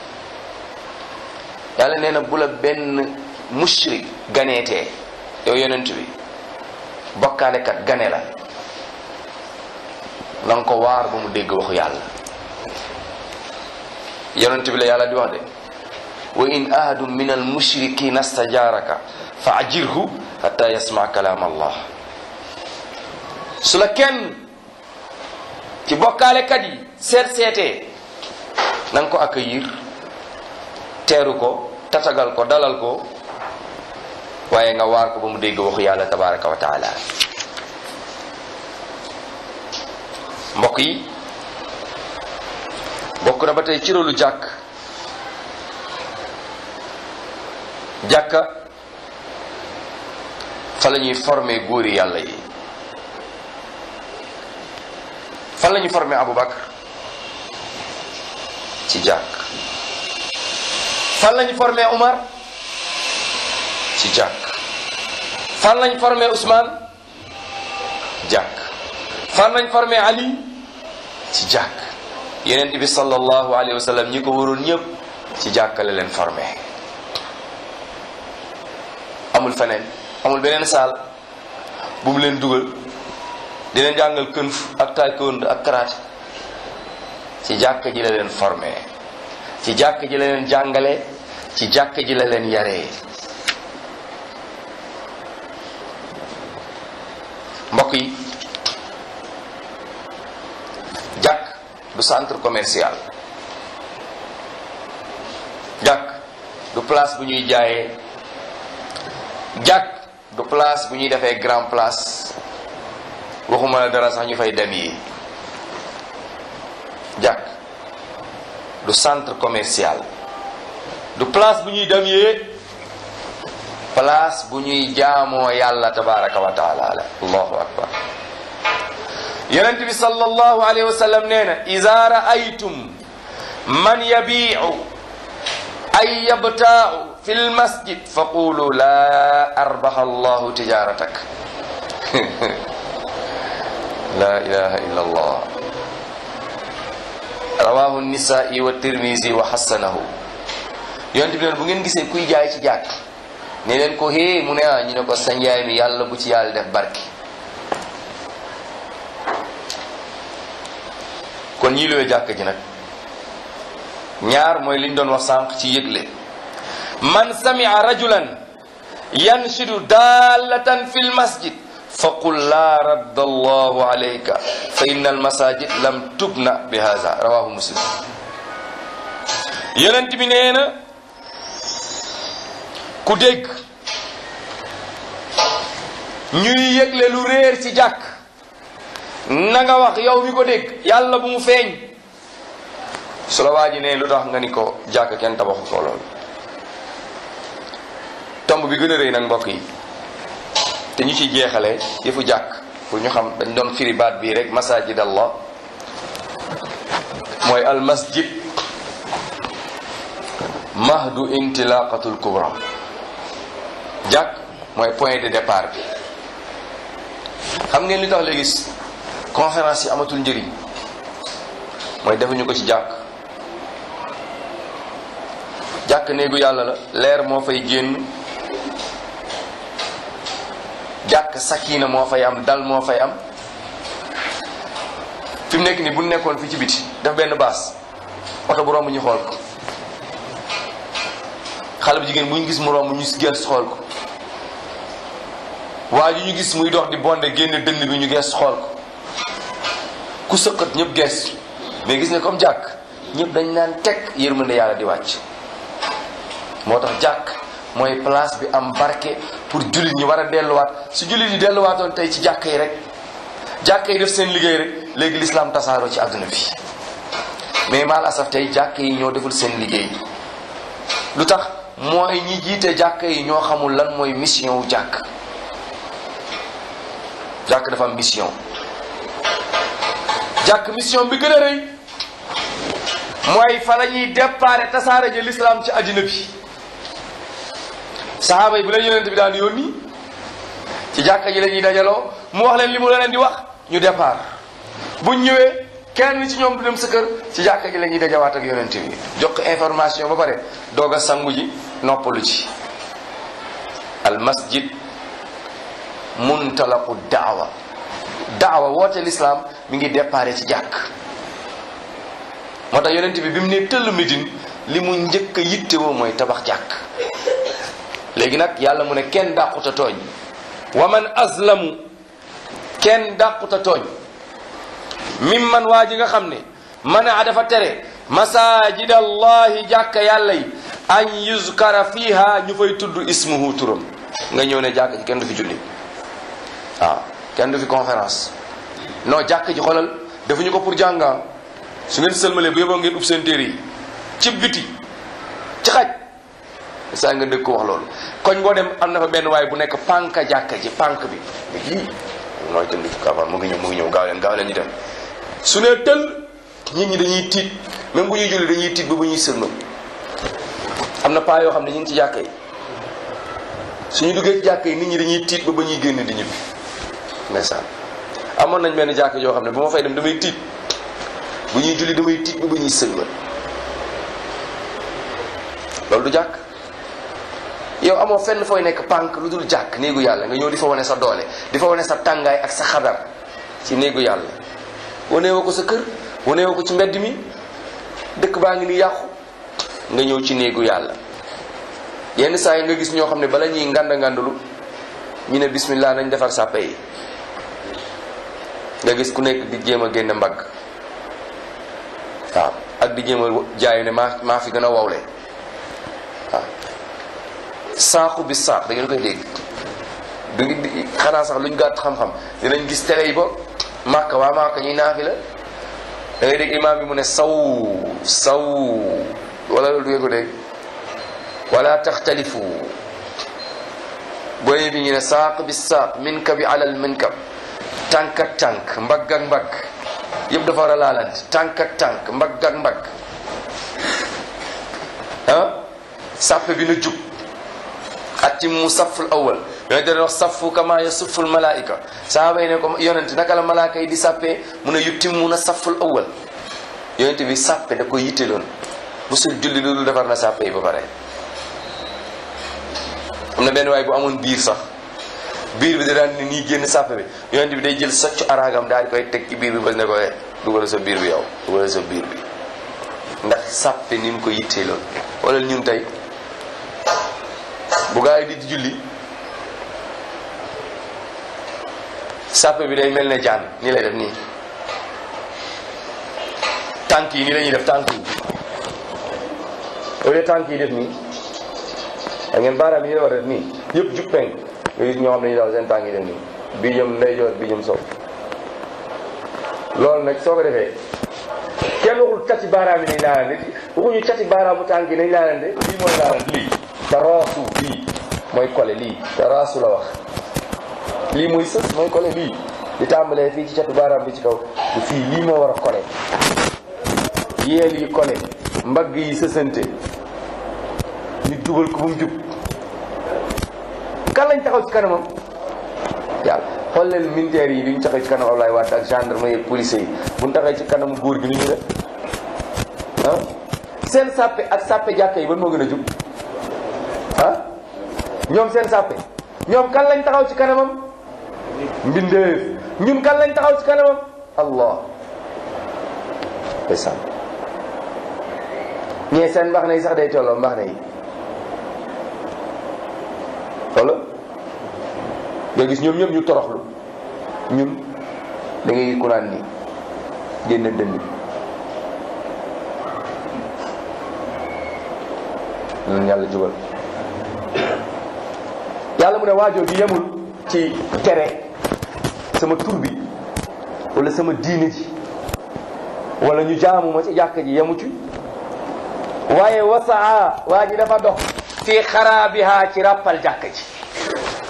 yàlla nee na benn mushrik ganeetee yow yonent bi bokkaalekat gane la waar ba mu dégg waxu yàlla yonent la yàlla di wax wa in ahadun min al mushrikina stajaaraka fa ajirhu hatta yasmaa kalaam allah su la kenn ci bokkaalekat yi seet seetee na ko accueillir teeru ko tatagal ko dalal ko waaye nga waar ko ba mu dégg waxu yàlla tabaraka wa taala mbokk yi bokk na ba tey ci rolu jàkk jàkka fa la ñuy formé góori yàlla yi fan la ñuy formé Aboubacar ci jàkk fan la ñu Umar ci jàkk fan lañ formé usmaan jàkk fan lañ formé Ali ci jàkk yeneen bi sallallahu alayhi wa sallam ñi ko waroon ñëpp ci jàkk la leen formé amul feneen amul beneen saal bu leen dugal di jàngal kënf ak taekwondo ak karaté ci jàkk ji la leen formé ci jàkk ji la leen jàngale ci jàkk ji la leen yaree mbokk yi jàkk du centre commercial jàkk du place bu ñuy jaayee jàkk du place bu ñuy defee grand place waxuma la dara sax ñu fay dem jàkk du centre commercial du place bu ñuy dem place bu ñuy jaamoo yàlla tabaraka wa allahu akbar yonent bi sallallahu alayhi wa sallam nee na iza man yabiu ay yabtaau fi l masjid fa qulu laa arbaha allahu tijaratak laa (laughs) ilaha illa allah rawahu nisaa'i wa tirmisi wa xassanahu yonte bi leen bu ngeen gisee kuy jaay ci jàkk ne leen ko hee mu ne ah ñu ne ko sa njaay mi yàlla bu ci yàlla def barki kon ñii luwee jàkk ji nag ñaar mooy liñ doon wax sànq ci yëgle man sami'a rajulan yanshidu daalatan fi lmasjid faqul laa radda allahu alayka fa inna almasajid lam tubna bi haza rawahu muslim yonent bi nee ku dégg ñuy yëgle lu réer ci jàkk nanga wax yow mi ko dégg yàlla bu mu feeñ su la waa ji ne lu tax nga ni ko jàkk kenn tabaxu ko tomb bi gën a rëy nag mbokk yi te ñu ci jeexale yëfu jàkk pour ñu xam dañ doon firi baat bii rek masajid allah mooy al masjid mahdu intilaqatul kubra jàkk mooy point de départ bi xam ngeen li tax la gis conférence yi amatul njëriñ mooy defuñu ko ci jàkk jàkk néegu yàlla la leer moo fay génn jàkk sakina moo fay am dal moo fay am fi mu nekk nii bu nekkoon fi ci biti def benn baas oto bu romb ñu xool ko xale bu jigéen bu ñu gis mu romb ñu gees xool ko waa ji ñu gis muy dox di bonde génn dënn bi ñu gees xool ko ku sëqat ñëpp gees mais gis ne comme jàkk ñépp dañ naan teg yërmande yàlla di wàcc moo tax jàkk mooy place bi am barke pour jullit ñi war a delluwaat su jullit yi delluwaatoon tey ci jàkka yi rek jàkka yi def seen liggéey rek léegi lislaam tasaaroo ci àdduna bi mais maal asaf tey jàkka yi ñoo deful seen liggéey lu tax mooy ñi jiite jàkka yi ñoo xamul lan mooy mission wu jàkk jàkk dafa am mission jàkk mission bi gën a rëy mooy fa la ñuy déparé tasaare ji lislaam ci àddina bi saxaaba yi bu leen yonent bi daan yónni ci jàkka ji la ñuy dajaloo mu wax leen li mu leen di wax ñu départ bu ñëwee kenn ci ñoom du dem sa kër ci jàkka ji la ñuy dajawaat ak yonent bi jox ko information ba pare doog a sangu ji noppalu ci al masjid muntalaqu daawa daawa woote lislaam mi ngi déparé ci jàkk moo tax yonent bi bi mu ne tëll Médine li mu njëkk a yittewoo mooy tabax jàkk léegi nag yàlla mu ne kenn dàquta tooñ wa man azlamu kenn dàquta tooñ mimman waa ji nga xam ne manaa dafa tere masajid allahi jàkka yàlla yi an yuzkara fiha ñu fay tudd ismuhu turam nga ñëw ne jàkk kenn dufi fi julli waaw ah, kenn du fi conférence non jàkk ji xoolal defuñu ko pour jànga su ngeen sëlmalee bu yóbboo ngeen ub seen téere ci biti saa nga dëgg ko wax loolu koñ boo dem am na fa benn waaye bu nekk pànk jàkka ji pànk bi mais yii nooy tënd kaafar mu ngi ñëw mu ñëw gaaw leen gaaw leen dem su nee tël nit ñi dañuy tiit même bu ñuy julli dañuy tiit ba bu ñuy sëlmal am na paa yoo xam ne ñu ngi ci jàkka suñu duggee ci nit ñi dañuy tiit ba ba ñuy génn di ñibbi amoon nañ benn jàkka yoo xam ne bu ma fay dem damay tiit bu ñuy julli damay tiit ba ba ñuy sëlmal loolu du jàkk yow amoo fenn fooy nekk pànk lu dul jàkk néegu yàlla nga ñëw di fa wane sa doole di fa wane sa tàngaay ak sa xadar ci néegu yàlla waneewoo ko sa kër waneewoo ko ci mbedd mi dëkk baa ngi ni yàqu nga ñëw ci néegu yàlla yenn saa yi nga gis ñoo xam ne bala ñuy nganda ngandalu ñu ne bismillah nañ defar sàppe yi nga gis ku nekk di jéem a génn mbagg waaw ak di jéem a jaayu ne maa maa fi gën a wowle waaw saaqu bi saaq da ngeen koy dégg du xanaa sax lu ñu gàtt xam-xam dinañ gis tere yi ba màkka waa màkka ñuy naafi la da ngay bi mu ne saw saw wala loolu du ngeen ko dégg wala taxtalifu booy bi ñu ne saaq bi saaq minka alal minka tànk ak tànk mbagg ak mbagg yëpp dafa war a laalante tànk ak tànk mbagg ak mbagg ah? bi na jub atimmu saful awal yonente doon wax safu kama yasuful la malaaka yi di sàppee mu ne yutimmuuna saful awal bi sàppe da ko yitteloon musul julli loolu defar yi ba pare am na benn waay bu amoon biir sax biir bi da daan nii génn sàppe bi yonente bi day jël socc araagam daal koy teg ci biir bi ba ne ko eh, dugal sa biir bi yow dugal sa biir ndax sàppe ni mu ko yitteeloon wala ñun tey bu gaa yi di julli sàppe bi day mel ne jaan nii lay def nii tànk yi nii la def tànk yi au tànk yi def nii da ngeen baaraam yi ñu war def nii yëpp jub ñoo xam ne ñu daal seen tànk def nii bii jëm ndeyjoor bii jëm sow loolu nag soo ko defee kenn waxul cati baaraam bi nañ laalante waxuñu cati baaraamu tànk yi nañ laalante lii mooy laalante lii taraasu bii mooy kole lii taraasu la wax lii muy sës mooy kole lii di tàmbalee fii ci catu baaraam bi ci kaw du fii lii moo war a kole yeel yi kole mbag yi sësante ñu dugal ko ba mu jub kan lañ taxaw ci kanamam yàlla xool leen militaire yi bi ñu taxaw ci kanam Abdoulaye Wade ak gendarme yi policier yi bu ñu taxaw ci kanamu góor gi ni ñu def seen sàppe ak sàppe jàkka yi ban moo gën a jub ah ñoom seen sàppe ñoom kan lañ taxaw ci kanamam mbindeef ñun kan lañ taxaw ci kanamam allah ndeysaan ñee seen mbax na yi sax day tolloo mbax na yi wala nga gis ñoom ñëpp ñu toroxlu ñun da ngay kuraan ni génn dënn ñun yàlla jubal yàlla mu ne waajoo gi yemul ci tere sama tur walla sama diini ji wala ñu jaamu ma ci jàkk ji yemu ci waaye wa waa ji dafa dox fii xaraabiha ci ràppal jàkk ji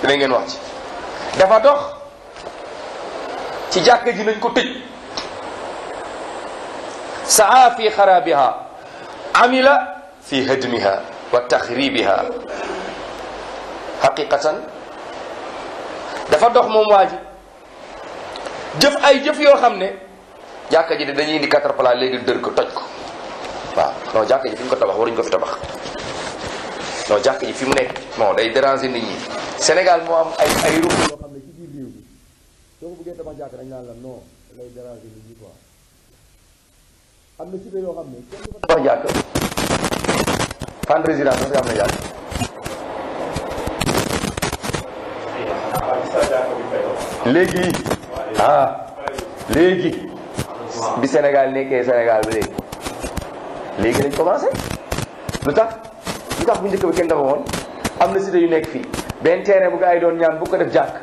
dina ngeen wax dafa dox ci jàkk ji nañ ko tëj saa fii xaraabiha amila fii hadmiha wa taxribiha xaqiqatan dafa dox moom waa ji jëf ay jëf yoo xam ne jàkka ji de dañuy indi quatre pala léegi dër ko toj ko waaw non jàkka ji fi ñu ko tabax waruñu fi mu nekk moom day déranger nit ñi Sénégal moo am ay ay ruq yoo xam ne ci biir réew soo ko bëggee tabax jàkka dañ naan la non lay déranger nit ñi quoi am na ci biir yoo xam ne kenn du ko tabax jàkka fan résidence am na jàkka léegi ah léegi bi Sénégal nekkee Sénégal bi léegi léegi lañ commencé lu tax lu tax bu njëkk bi kenn dafa woon am na cité yu nekk fii benn terrain bu gaa yi doon ñaan bu ko def jàkk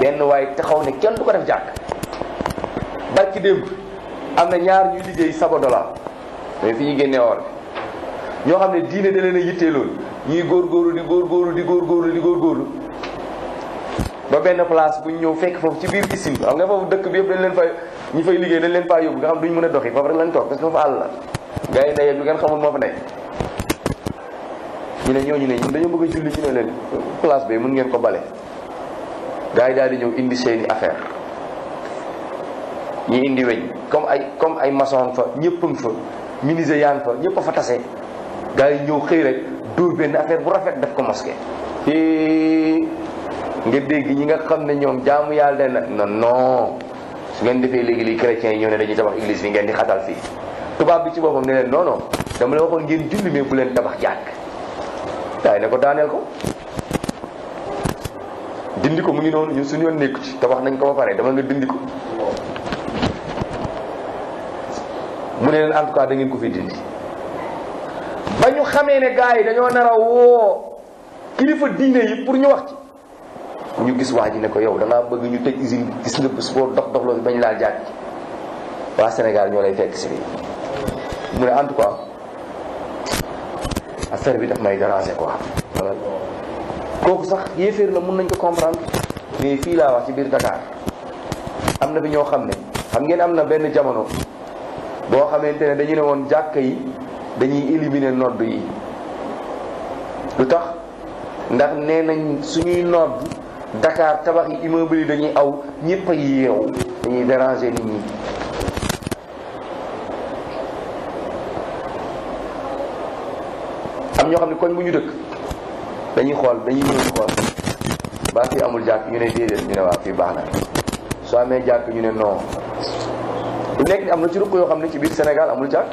benn waay taxaw ne kenn bu ko def jàkk barki démb am na ñaar ñuy liggéey sabodola mais fi ñu génnee or ñoo xam ne diine da leen a yittee loolu ñuy góorgóorlu di góorgóorlu di góorgóorlu di góorgóorlu ba benn place bu ñu ñëw fekk foofu ci biir piscine xam nga foofu dëkk bi yëpp dañ leen fay ñu fay liggéey dañ leen faa yóbbu nga xam duñ mën a doxi yi dayee fa nekk ñu ne ñooñu ne ñun dañoo bëgg a julli ñu ne leen place bi mën ngeen ko bale gars yi daal di ñëw indi seeni affaire ñu indi weñ comme ay comme ay maçon fa ñëppam fa miniser yaan fa ñëpp fa tase gars yi ñëw xëy rek dóor benn affaire bu rafet def ko mosquée nga dégg ñi nga xam ne ñoom jaamu yàlla na non non su ngeen defee léegi li chrétiens yi ñëw ne dañuy tabax église bi ngeen di xatal fii tubaab bi ci boppam ne leen non non dama la waxoon ngeen julli mais bu leen tabax jàkk daay ne ko daaneel ko dindi ko mu ngi noonu ñun suñu yoon nekku ci tabax nañ ko ba pare dama nga dindi ko mu ne leen en tout cas da ko fi dindi ba ñu xamee ne gars yi dañoo nar a woo kilifa diine yi pour ñu wax ñu gis wax ji ne ko yow danaa bëgg ñu tëj usine bi gis nga sport dox dox loolu bañ laa jàkk waa Sénégal ñoo lay fekk si mu ne en tout cas affaire bi daf may déranger quoi kooku sax yéeféer la mun nañ ko comprendre mais fii laa wax ci biir Dakar am na bi ñoo xam ne xam ngeen am na benn jamono boo xamante ne dañu ne woon jàkka yi dañuy éliminer nodd yi lu tax ndax nee nañ suñuy nodd dakaar tabax yi immeuble yi dañuy aw ñëpp a yeew dañuy déranger nit ñi. am ñoo xam ne koñ bu ñu dëkk dañuy xool dañuy ñëw xool ba fii amul jàkk ñu ne déedéet ñu ne waa fii baax na soo amee jàkk ñu ne non lu nekk ni am na ci ruq yoo xam ne ci biir Sénégal amul jàkk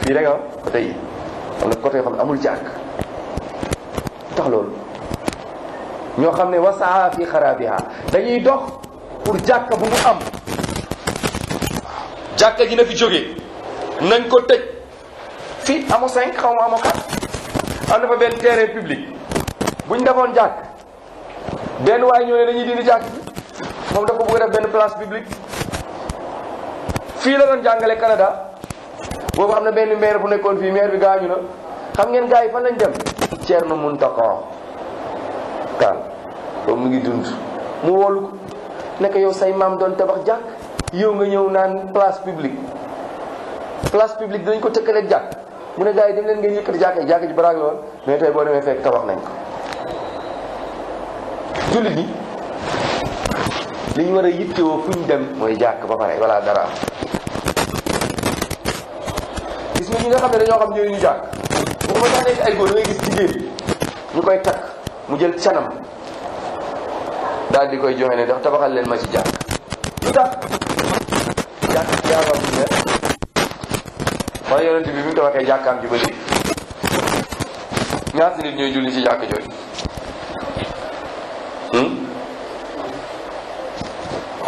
fii rek ah côté am na côté yoo xam ne amul jàkk tax loolu. ñoo xam ne wasaa fi xaraabiha dañuy dox pour jàkka bu mu am jàkka ji na fi jógee nañ ko tëj fii amoo cinq xaw ma amoo quatre am na fa benn terrain public buñ defoon jàkk benn waaye ñoo ne dañuy dindi jàkk bi moom dafa bëgg def benn place publique fii la doon jàngale Canada boobu am na benn maire bu nekkoon fii maire bi gaañu na xam ngeen gars fan lañ dem Thierno Mountakha boobu mu ngi dund mu woolu ko nekk yow say maam doon tabax jàkk yow nga ñëw naan place publique place publique dinañ ko tëkkaleeg jàkk mu ne gars yi dem leen ngeen yëkkati jàkk yi jàkk ji baraag la woon mais tey boo demee fekk tabax nañ ko jullit ñi li ñu war a yittewoo fu ñu dem mooy jàkk ba pare wala dara gis nga ñi nga xam ne dañoo xam ñooy ñu jàkk bu ko ma sax nekk ay góor da ngay ñu koy takk mu jël canam daal di koy joxe ne ndax tabaxal leen ma ci jàkk lu jàkk jaamam bi ne man yonent bi bi ba léegi ñaata nit ñooy julli ci jàkk jooju hmm?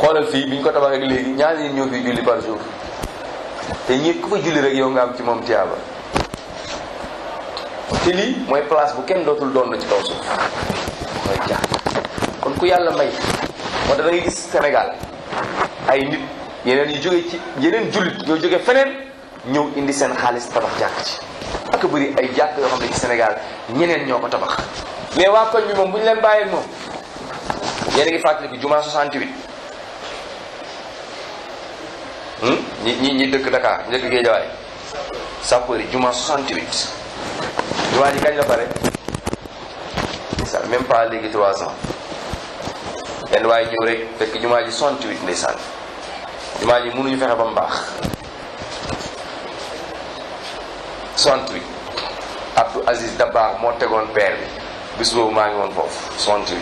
xoolal fii bi ñu ko tabaxee du léegi ñaata nit ñoo fiy julli par jour te ñi ku fa julli rek yow nga am ci moom tiyaaba te lii mooy place bu kenn lootul doon la ci kaw suuf mooy jàkk yàlla may moo tax ngay gis Sénégal ay nit yeneen yu jóge ci yeneen jullit ñoo jóge feneen ñëw indi seen xaalis tabax jàkk ci ak bëri ay jàkk yoo xam ne ci Sénégal ñeneen ñoo ko tabax mais waa koñ bi moom bu ñu leen bàyyi moom yéen a ngi fàttaliku jumaa 68 hmm? ñi ñi ñi dëkk Dakar ñi dëkk Guédiawaye sapeur yi jumaa 68 jumaa ji kañ la pare ça même léegi trois ans benn waaye ñëw rek fekk jumaa ji 68 ndeysaan jumaa ji mënuñu fexe ba mu baax 68 Abdou Aziz Dabakh moo tegoon peer bi bis boobu maa ngi woon foofu 68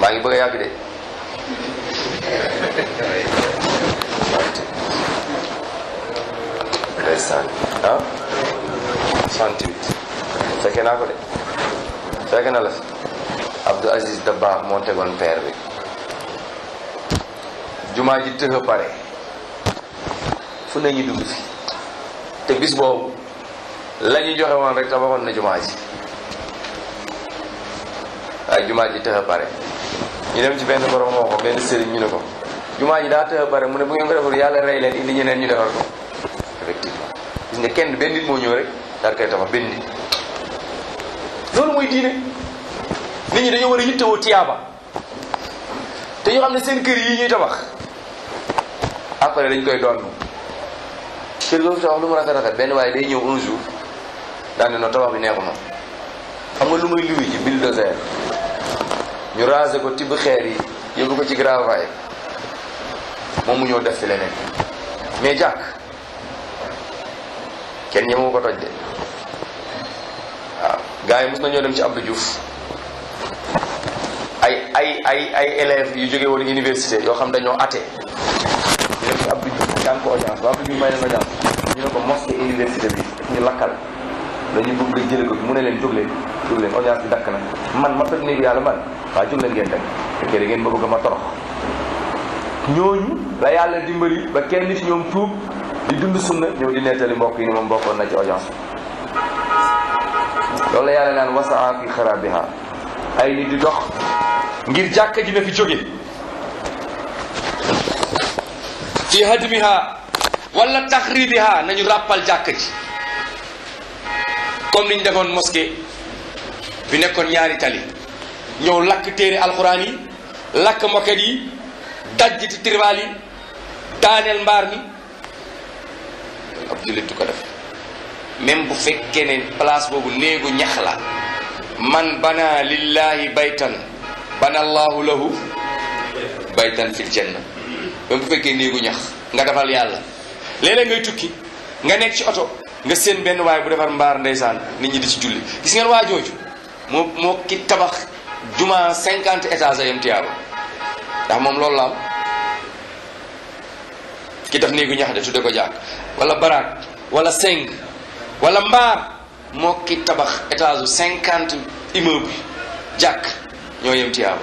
maa ngi bëgg a yàgg de ndeysaan ah 68 fekkee naa ko de fekke na la Abdou Aziz Dabakh moo tegoon peer bi jumaa ji tëx a pare fu nañu dugg fi te bis boobu la ñu joxe woon rek tabaxoon na jumaa ji waaye jumaa ji tëx a pare ñu dem ci benn borom moo ko ñu ne ko jumaa ji daa tëx mu ne bu ngeen ko deful yàlla rey leen indi ñeneen ñu defar ko effectivement gis nga kenn benn nit moo ñëw rek daal koy tabax benn nit loolu mooy diine nit ñi dañoo war a yittewoo tiyaaba te ñu xam ne seen kër yi ñuy tabax après dañ koy doon kër googu tabax lu benn waaye day ñëw un jour daal ne non tabax bi xam nga lu muy luwi ji bulldozer ñu rasé ko tibb xeer yi yóbbu ko ci gravaye moom mu ñëw def fi leneen mais jàkk kenn ñemewu ko toj de waaw gars yi mus na ñoo dem ci Abdou Diouf ay ay ay ay élèves yu jóge woon université yoo xam dañoo ate ñu ne ko Abdou Diouf daan ko audience ba Abdou Diouf may ñu ne ko mosquée université bi daf ñu lakkal dañuy bëgg nga jële ko mu ne leen jóg leen jóg leen audience bi dakk na man ma toj néegu yàlla man waaw jóg leen ngeen dem fekkee da ngeen ma bëgg ma torox ñooñu la yàlla dimbali ba kenn nit ñoom tuub di dund sunna ñëw di nettali mbokk yi ni moom bokkoon na ci audience loolu la yàlla naan wasaa fi xarabiha ay nit di dox ngir jàkka ji na fi jóge fi hadmiha wala taxribiha nañu ràppal jàkka ji comme niñ defoon moske bi nekkoon ñaari tali ñëw lakk téere alxuraan yi lakk moket yi dajjiti tribal yi daaneel mbaar mi ab ko def même bu fekkee ne place boobu néegu ñax la man bana lillahi baytan bana allahu lahu baytan fil janna même bu fekkee néegu ñax nga defal yàlla léeg-léeg ngay tukki nga nekk ci oto nga seen benn waay bu defar mbaar ndeysaan nit ñi di ci julli gis ngeen waa jooju moo moo ki tabax juma cinquante étages ayam tiyaaba ndax moom loolu la kii ki def néegu ñax de tudde ko jàkk wala baraak wala seng wala mbaar moo ki tabax étage cinquante immeuble jàkk ñoo yem tiyaaba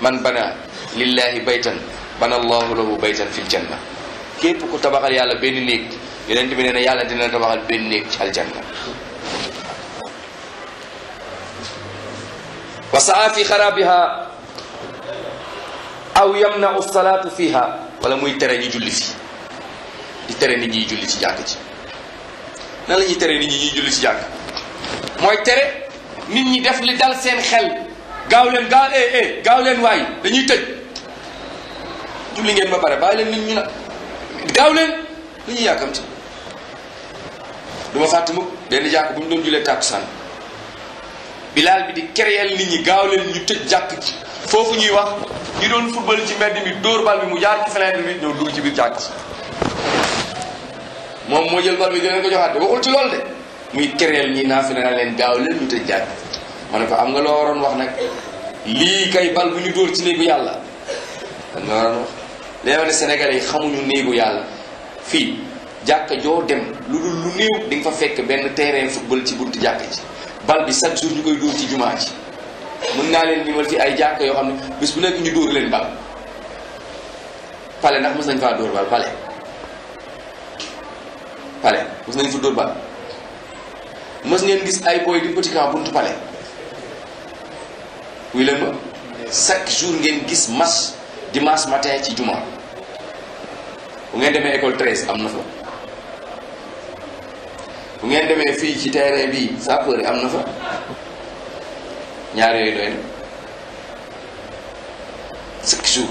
man bana lillahi baytan bana allahu lahu baytan fil janna képp ku tabaxal yàlla benn néeg yonent bi nee na yàlla dina tabaxal benn néeg ci aljanna wa saa fi xarabiha aw yamnau salaatu fiha wala muy tere ñu julli fi di tere nit ñiy julli ci jàkk ci nan lañuy ñuy tere nit ñi ñuy julli ci jàkk mooy tere nit ñi def li dal seen xel gaaw leen eh, eh, gaaw leen waay dañuy tëj julli ngeen ba pare bàyyi leen nit ñi nag gaaw leen li ñuy yàkkamti du ma fàtte mukk benn jàkk bu ñu doon jullee tàkkusaan bilaal bi di kereel nit ñi gaaw leen ñu tëj jàkk ci foofu ñuy wax ñu doon football ci mbedd mi dóor bal bi mu jaar ci fenêtre bi ñëw dugg ci biir jàkk ci moom moo jël bor bi dinañ ko joxaat waxul ci loolu de muy kereel ñi naa fi ne na leen gaaw leen ñu tëj jàkk ma ne ko am nga loo waroon wax nag lii kay bal bu ñu dóor ci néegu yàlla am nga waroon xamuñu néegu yàlla fii jàkka joo dem lu dul lu di nga fa fekk benn terrain football ci bunt jàkk ci bal bi chaque jour ñu koy dóor ci jumaa ji mën naa leen limal ci ay jàkk yoo xam ne bis bu nekk ñu dóor leen bal pale ndax mos nañ faa dóor bal pale palais mës nañu fa dóor bal mës ngeen gis ay booy di petit camp buntu palais wuy leen ma chaque jour ngeen gis match dimanche matin ci juma bu ngeen demee école 13 am na fa bu ngeen demee fii ci terrain bi sapeur yi am na fa ñaar yooyu doy na chaque jour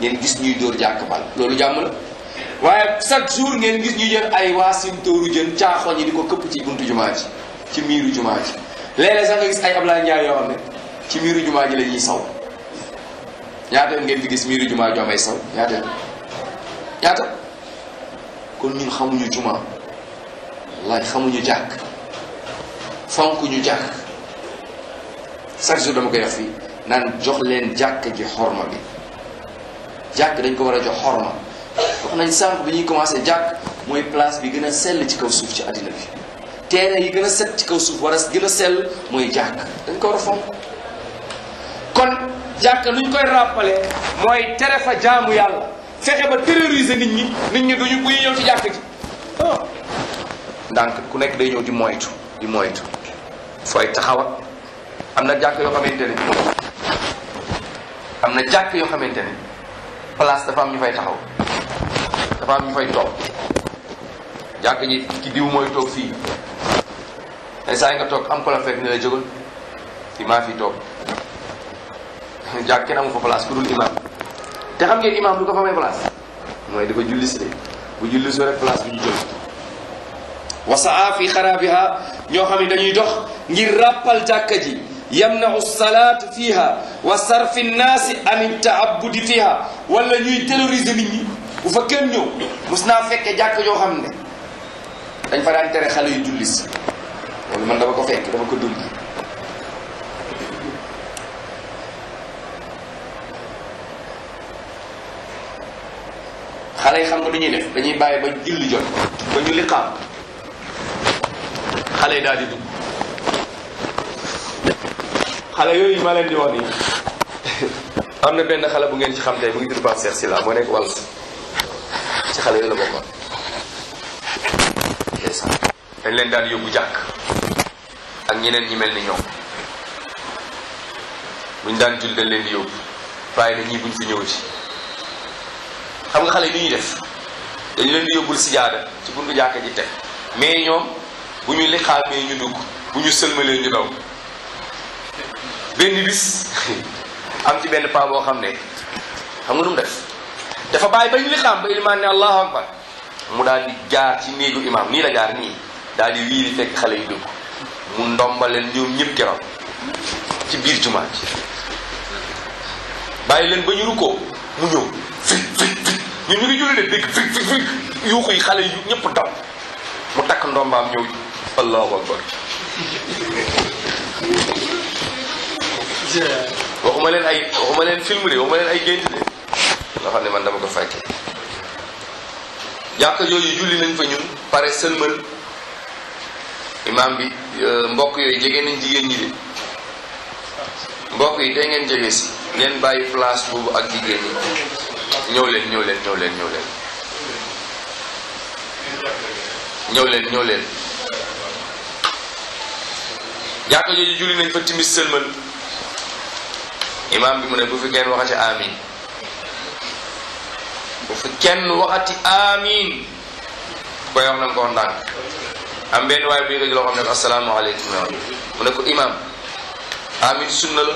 ngeen gis ñuy dóor jàkk bal loolu jàmm la waaye chaque jour ngeen gis ñu jël ay waasin tóoru jën caaxoñ yi di ko këpp ci buntu jumaa ji ci miiru jumaa ji léeg sax gis ay Ablaye Ndiaye yoo ci miiru jumaa ji la saw ñaata yoon ngeen fi gis miiru jumaa joo may saw ñaata yoon ñaata kon ñun xamuñu jumaa wallaay xamuñu jàkk fonk ñu jàkk chaque jour dama koy wax fii naan jox leen jàkk ji xorma bi jàkk dañ ko war a jox xorma wax nañ sànq bi ñuy commencé jàkk mooy place bi gën a sell ci kaw suuf ci àddina bi terrain yi gën a set ci kaw suuf war a gën a sell mooy jàkk dañ ko fonk kon jàkk luñ koy rappelé mooy tere fa jaamu yàlla fexe ba terroriser nit ñi nit ñi duñu bu ñu ñëw ci jàkk ji ndànk ku nekk day ñëw di moytu di moytu fooy taxaw am na jàkk yoo xamante ne am na jàkk yoo xamante ne place dafa am ñu fay taxaw dafa am ñu fay toog jàkk ji ci diw mooy toog fii te saa nga toog am ko la fekk ne la jógal ci maa fi toog jàkk kenn amu fa place ku dul imaam te xam ngeen imaam lu ko fa may place mooy dafa julli si bu julli soo rek place bi ñu jël wasaa fi xaraabiha ñoo xam ne dañuy dox ngir ràppal jàkka ji yamnau salaatu fiiha wa sarfi nnaasi an taabudi fiiha wala ñuy terroriser nit ñi bu fa kenn ñëw mos naa fekke jàkk yoo xam ne dañ fa daan tere xale yu julli si loolu man dama ko fekk dama ko dund xale yi xam nga du ñuy def dañuy bàyyi ba julli jot ba ñu liqaam xale yi daal di dugg xale yooyu ma leen di wax nii (laughs) am na benn xale bu ngeen ci xam tey bu ngi tudd Pape Cheikh Sylla moo nekk Walf xale yooyu dañ leen daan yóbbu jàkk ak ñeneen ñi mel ni ñoom buñ daan jul dañ leen di yóbbu bàyyi na xam nga xale yi ñuy def dañu leen di yóbbul sijaada ci buntu jàkka ji teg mais ñoom bu ñu lixaamee ñu dugg bu ñu sëlmalee ñu daw benn bis (laughs) am ci benn paa boo xam ne xam nga nu mu def dafa bàyyi bañ liqaam ba ilimaan ne allahu akbar mu daal di jaar ci néegu imaam nii la jaar nii daal di wiiri fekk xale yu dugg mu ndombaleen ñoom ñëpp keroog ci biir jumaa ji bàyyi leen ba ñu rukkoo mu ñëw fit ñu ngi julli de dégg fit fit fit xale yu ñëpp daw mu takk ndombaam ñëw allahu akbar waxuma leen ay waxuma film de waxuma ay gént de loo ne man dama ko fekke jàkk yooyu julli nañ fa ñun pare sëlmal imaam bi euh, mbokk yooyu jege nañ jigéen ñi de mbokk yi de ngeen jege si ngeen bàyyi place boobu ak jigéen ñi ñëw leen ñëw leen ñëw leen ñëw leen ñëw leen ñëw leen jàkk jooju julli nañ fa timis sëlmal imaam bi mu ne bu fi kenn waxati amin bu kenn waxati amiin koy wax na nga ko wax ndànk am benn waaye bu yëkkati loo xam ne ko asalaamaaleykum wa mu ne ko imaam amiin sunna la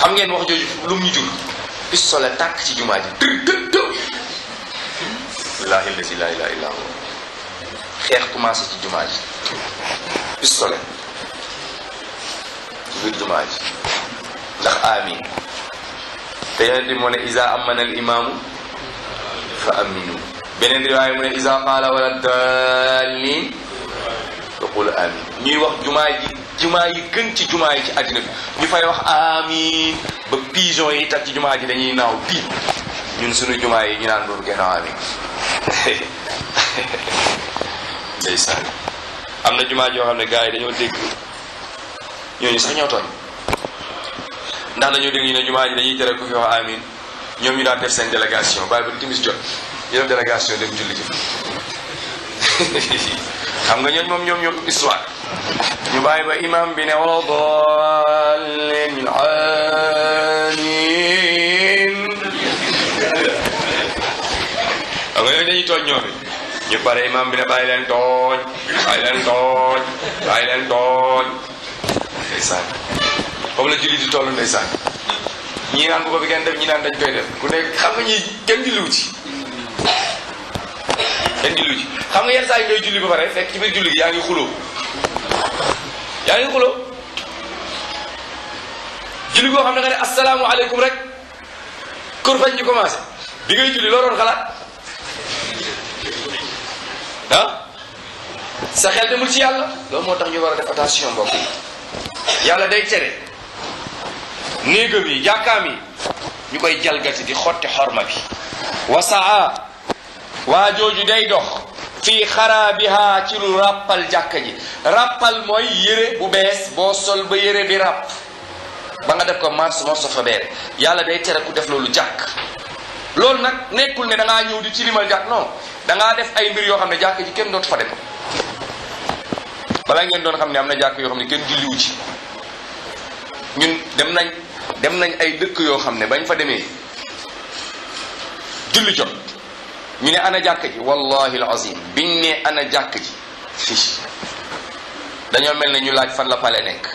xam ngeen wax jooju lu mu jur pistolet tàkk ci jumaa ji dër dër dër xeex commencé ci jumaa ji pistolet ci jumaa ji ndax amiin te yonent bi moo ne isa amana al imaamu fa aminu beneen riwaaya mu ne isa qaala wala daalin faqul amin ñuy wax jumaa ji jumaa yi gën ci jumaa yi ci àddina bi ñu fay wax amin ba pigeon yi tax ci jumaa ji dañuy naaw bii ñun suñu jumaa yi ñu naan boobu gën a amin (laughs) ndeysaan am na jumaa joo xam ne gars yi dañoo dégg ñooñu sax ñoo tooñ ndax dañoo dégg ñu ne jumaa ji dañuy tere ku fi wax amin ñoom ñu daan def seen délégation bàyyi ba timis jot ñu def délégation dem julli ji (laughs) xam nga ñooñ moom ñoom ñoom histoire ñu bàyyi ba imam bi ne wala dallin amin xam nga ñooñu dañuy tooñ ñoom it ñu pare imam bi ne bàyyi leen tooñ bàyyi leen tooñ bàyyi leen tooñ ndeysaan moom la julli di toll ndeysaan ñii naan bu ko bi kenn def ñi naan dañ koy def ku nekk xam nga ñi kenn julliwu ci kenn julliwu ci xam nga yenn saa yi ngay julli ba pare fekk ci biir julli gi yaa ngi xuloo yaa ngi xuloo julli boo xam ne nga ne asalaamaaleykum rek kur fañ ñu commencé bi ngay julli loo doon xalaat ah sa xel demul ci yàlla loolu moo tax ñu war a def attention mbokk yi yàlla day tere néegam yi jàkkaam yi ñu koy jalgati di xotti xorma bi wasaa waa jooju day dox fii xaraabiha ci lu ràppal jàkka ji ràppal mooy yére bu bees boo sol ba yére bi ràpp ba nga def ko mars morso fa beere yàlla day tere ku def loolu jàkk loolu nag nekkul ne da ngaa ñëw di tilimal jàkk noo da ngaa def ay mbir yoo xam ne jàkk ji kenn dootu fa dem balaa ngeen doon xam ne am na jàkk yoo xam ne kenn julliwu ci ñun dem nañ dem nañ ay dëkk yoo xam ne bañ fa demee julli jot ñu ne ana jàkk ji wallahi alazim biñ ne ana jàkk ji fii dañoo mel ne ñu laaj fan la pale nekk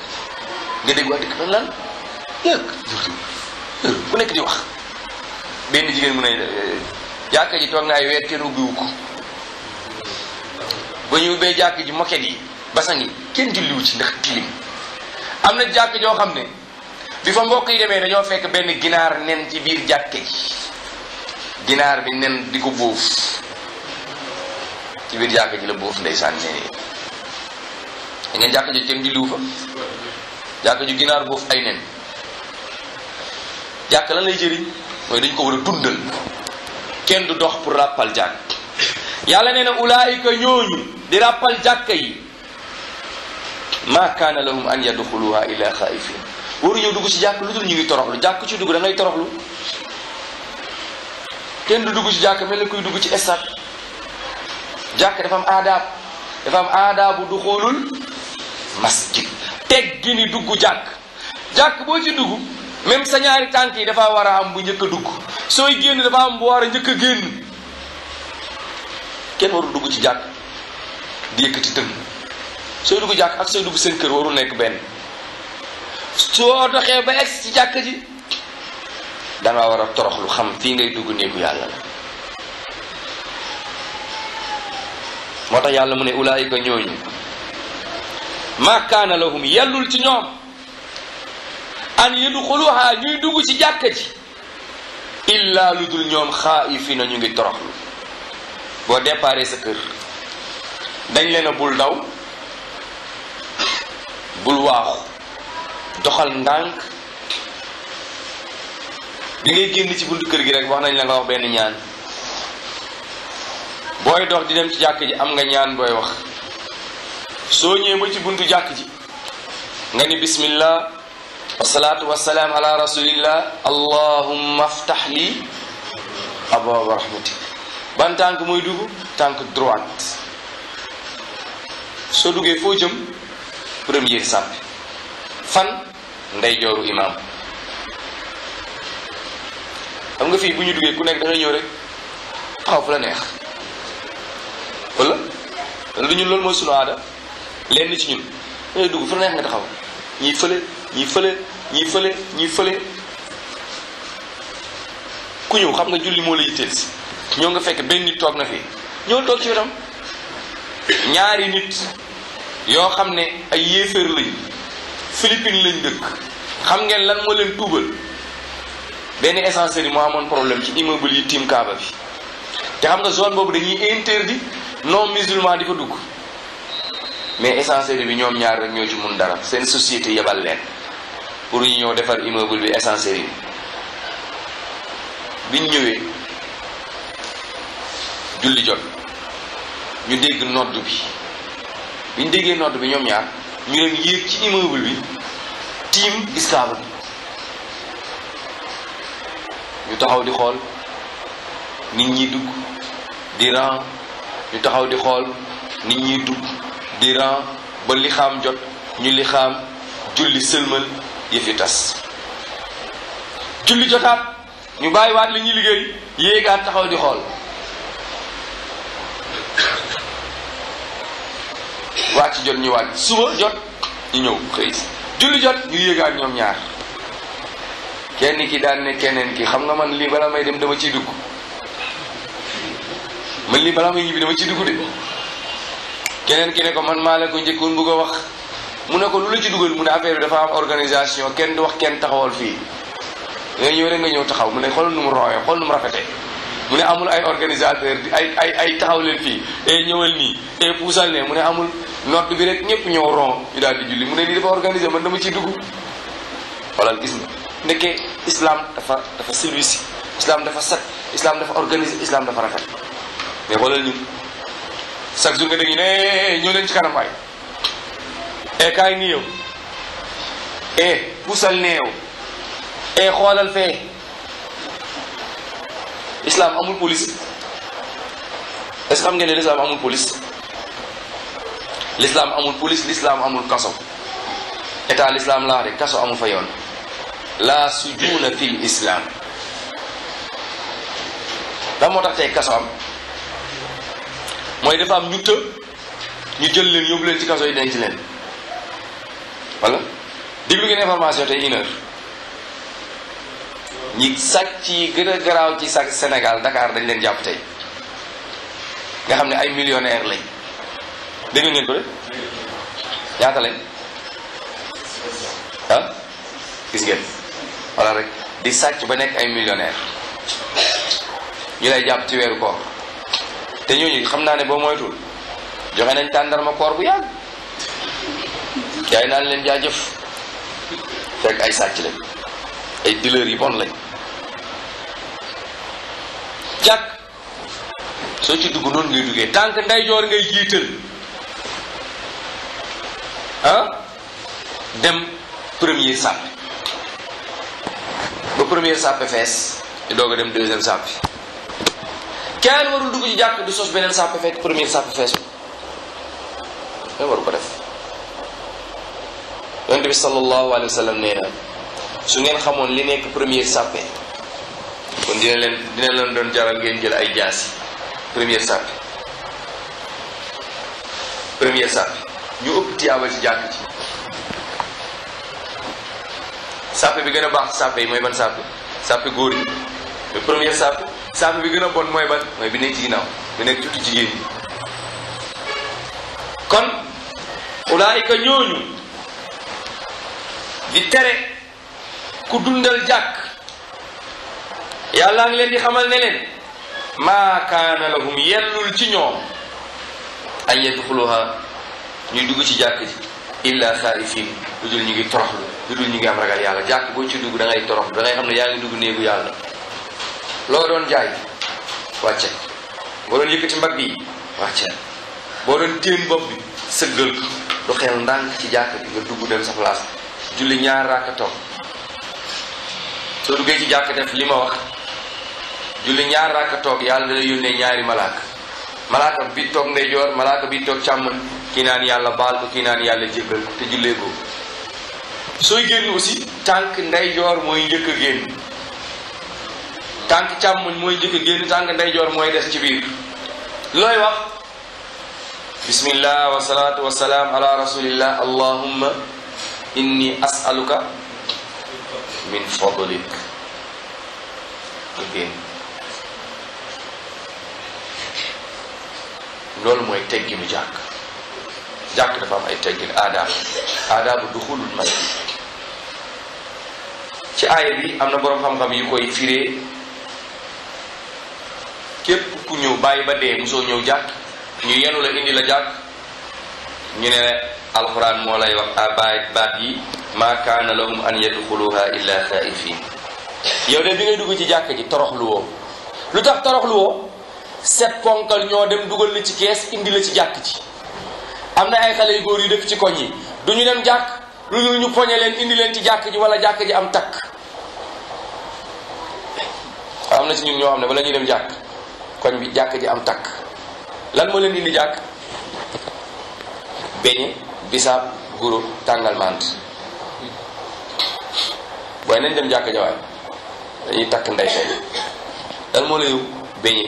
nga dégg wax dëkk nan lan nekk di wax benn jigéen mu ne eh, jàkk ji toog na ay weer kenn ubbiwu ko ba ñu ubbee jàkk ji moket yi basan yi kenn julliwu ci ndax tilim am na jàkk joo xam ne bi fa mbokk yi demee dañoo fekk benn ginaar nen ci biir jàkke ji ginaar bi nen di ko bóof ci biir jàkke ji la bóof ndeysaan nen yi da ngeen jàkk ju ginaar bóof ay nen jàkk lan lay jëriñ dañ ko war a dundal kenn du dox pour ràppal jàkk yàlla nee na ulaayika ñooñu di ràppal jàkka yi ma kaana lahum an yadxuluha illa xaifin waruñu dugg ci jàkk lu dul ñu ngi toroxlu jàkk ci dugg da ngay toroxlu kenn du dugg ci jàkk mel ni kuy dugg ci stade jàkk dafa am aadaab am aadaabu du xoolul masjid teg dugg jàkk jàkk boo ci dugg même sa ñaari tànk yi dafa war a am bu njëkk a dugg sooy génn dafa am bu war a njëkk a génn kenn warul dugg ci jàkk di yëkkati dënn sooy dugg jàkk ak sooy dugg seen kër warul nekk benn soo doxee ba egsi ci jàkk ji danga war a toroxlu xam fii ngay dugg néegu yàlla la moo tax yàlla mu ne ulaayika ñooñu ma kaana lahum yellul ci ñoom an yadxuluha ñuy dugg ci jàkk ji illaa lu dul ñoom xaayifiina nañu ngi toroxlu boo déparé sa kër dañ leen bul daw bul waaxu doxal ndànk bi ngay génn ci buntu kër gi rek wax nañ la nga wax benn ñaan booy dox di dem ci jàkk ji am nga ñaan booy wax soo ñëwee ci buntu jàkk ji nga ni bismillah wasalaatu wasalaam ala rasulillah allahumma aftax li abwaaba rahmatik ban tànk mooy dugg tànk droite soo duggee foo jëm premier sàpp fan ndeyjooru imaam xam nga fii bu ñu duggee ku nekk dangay ñëw rek taxaw fu la neex wala dana du ñun loolu mooy sunu aada lenn ci ñun dangay dugg fu la neex nga taxaw ñii fële ñii fële ñii fële ñii fële ku ñëw xam nga julli moo la yitteel si ñoo nga fekk benn nit toog na fii ñëwal toog ci wetam ñaari nit yoo xam ne ay yéeféer lañu Philippines lañ dëkk xam ngeen lan moo leen tuubal benn essencerie yi moo amoon problème ci immeuble yi tiim Kaaba bi te xam nga zone boobu dañuy interdit non musulman di fa dugg mais yi bi ñoom ñaar rek ñoo ci mun dara seen société yebal leen pour ñu ñëw defar immeuble bi essencerie bi biñ ñëwee julli jot ñu dégg nodd bi biñ déggee nodd bi ñoom ñaar ñu leen yéeg ci immeuble bi tiim gis bi ñu taxaw di xool nit ñi dugg di ran ñu taxaw di xool nit ñi dugg di ran ba li xaam jot ñu li xaam julli sëlmal fi tas julli jotaat ñu bàyyiwaat li ñuy liggéey yéegaat taxaw di xool wàcc jot ñu wàcc jot ñu julli jot ñu yéegaat ñoom ñaar kenn ki daan ne keneen ki xam nga man lii balaa may dem dama ciy dugg man lii bala may ñibbi dama ciy dugg de keneen ki ne ko man maa la ko njëkkoon bëgg a wax mu ne ko lu la ci dugal mu ne affaire bi dafa am organisation kenn du wax kenn taxawal fii nga ñëw rek nga ñëw taxaw mu ne xol nu mu rooyee xool nu mu mu ne amul ay organisateur di ay ay ay taxaw leen fii e ñëwal nii e puusal ne mu ne amul nodd bi rek ñëpp ñëw ron ñu daal di julli mu ne di dafa organisé man dama ci dugg xoolal gis nga nekkee islam dafa dafa service islam dafa set islam dafa organisé islam dafa rafet mais xoolal ñun chaque jour nga dégg ñu eh, ñëw leen ci kanam waay e kaay nii yow e puusal ne yow e xoolal fee islam amul police est-ce que amul police l'islam amul kaso état l'islam laa de kaso amul fa yoon laa sujuuna fil islam lan moo tax tey kaso am mooy dafa am ñu të ñu jël leen yóbbu leen ci kaso yi denc leen wala déglu ngeen information tey une ñi sàcc yi gën a garaaw ci sàcc Sénégal dakaar dañ leen jàpp tey nga xam ne ay millionnaire lañ dégg ngeen ko ñaata lañ ah gis ngeen walla rek di sàcc ba nekk ay millionnaire ñu lay jàpp ci weeru koor te ñooñu xam naa ne boo moytul joxe nañ tàndarma koor bu yàgg yaay naan leen jaajëf fekk ay sàcc lañ ay dealers yi bon lañ jàkk soo ci dugg noonu ngay duggee tànk ndeyjoor ngay jiital ah dem premier sàpp ba premier sàpp fees ñu doog a dem deuxième sàpp kenn warul dugg ci jàkk di sos beneen sàpp fekk premier sàpp fees bi waru ko def yonent bi sallallahu alayhi wa sallam su ngeen xamoon li nekk première sàppe kon dina leen dina leen doon jaral ngeen jël ay jaas yi première sàppe première sàppe ñu ëpp tiyaaba ci jàkk ci sàppe bi gën a baax sàppe yi mooy ban sàppe sàppe góor yi mooy première sàppe sàppe bi gën a bon mooy ban mooy bi nekk ci ginnaaw bi nekk tuuti jigéen ñi kon ulaayika ñooñu di tere ku dundal jàkk yàlla ngi leen di xamal ne leen maa kaana lahum yellul ci ñoom an yadxuluha ñuy dugg ci jàkk ji illa xaaifiin lu dul ñu ngi toroxlu lu dul ñu ngi am ragal yàlla jàkk boo ci dugg da ngay toroxlu da ngay xam ne yaa ngi dugg néegu yàlla loo doon jaay wàcce boo doon yëkkati mbag bi wàcce boo doon téen bopp bi sëggal ko doxeel ndànk ci jàkk bi nga dugg dem sa place julli ñaar raaka toog soo duggee ci jàkk def li ma wax julli ñaar raaka toog yàlla da yónnee ñaari malaaka malaaka bi toog ndeyjoor malaaka bi toog càmmoñ kii naan yàlla baal ko kii naan yàlla jéggal ko te jullee ko sooy génn aussi tànk ndeyjoor mooy njëkk a génn tànk càmmoñ mooy njëkk génn tànk ndeyjoor mooy des ci biir looy wax bismillah wa salaatu wa salaam ala rasulillah allahumma inni as'aluka min fadlik mu génn loolu mooy tegginu jàkk jàkk dafa am ay teggin aadaab aadaabu duxulul masjid ci aaya bi am na boroom xam-xam yi koy firee képp ku ñëw bàyyi ba dee mosoo ñëw jàkk ñu yenu la indi la jàkk ñu ne alquran moo lay wax abaay baat yi ma kaana lahum an yadxuluha illa fii yow de bi ngay dugg ci jàkk ji toroxlu woo lu tax toroxlu woo set ponkal ñoo dem dugal la ci kees indi la ci jàkk ji am na ay xale yu góor yu dëkk ci koñ yi du ñu dem jàkk lu dul ñu poñe leen indi leen ci jàkk ji wala jàkk ji am takk am na ci ñun ñoo xam ne bala ñuy dem jàkk koñ bi jàkk ji am takk lan moo leen indi jàkk beñe bisaab guro tàngal mànt waaye nañ dem jàkk jawaay dañuy takk ndey tey lan moo la yóbbu beñe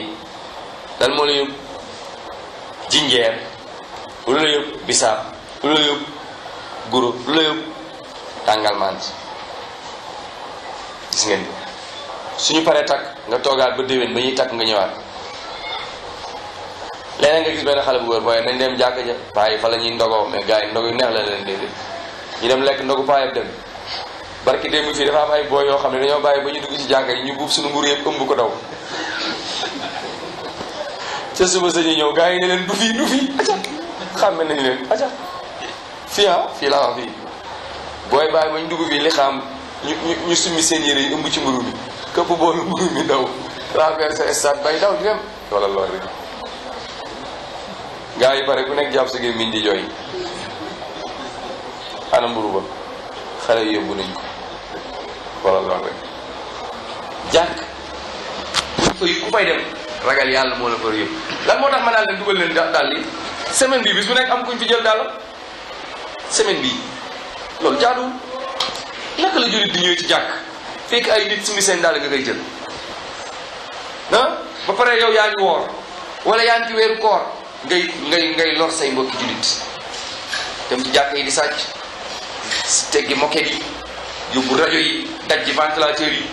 lan moo la yóbbu jinjeer lu la yóbbu bisaab lu la yóbbu guro lu la yóbbu tàngal gis ngeen suñu paree takk nga toogaat ba déwén ba ñuy takk nga ñëwaat leneen nga gis benn xale bu góor booy nañ dem jàkk ja paa yi fa la ñuy ndogoo mais gars yi ndog yu neex la leen dégg ñu dem lekk ndogu paa yëpp dem barki démb fii dafa am ay booy yoo xam ne dañoo bàyyi ba ñu dugg ci jàkka yi ñu buub suñu mburu yëpp ko daw ca suba sa ñëw gars yi ne leen du fii du fii aca xàmme nañu leen aca fi ah, fii laa wax fii booy bàyyi ba ñu dugg fii li xam ñu ñu summi seen yére yi ëmb ci mburu mi këpp boolu mburu mi daw traversé stade bay daw di dem wala loolu rek gaa yi pare ku nekk jàpp sa gémmiñ di jooy ana mburu ba xale yi yóbbu nañ ko wala ku fay dem ragal yàlla moo la far yëpp lan moo tax ma daal dem dugal leen daal li semaine bi bis bu nekk am kuñ fi jël daal semaine bi loolu jaaduwul naka la jullit di ñëw ci jàkk fekk ay nit sumi seen daal nga koy jël ah? ba pare yow yaa ngi woor wala yaa ngi ci koor ngay ngay ngay lor say mbokki jullit dem ci jàkk di sàcc teggi moket yi yóbbu rajo yi dajji ventilateur yi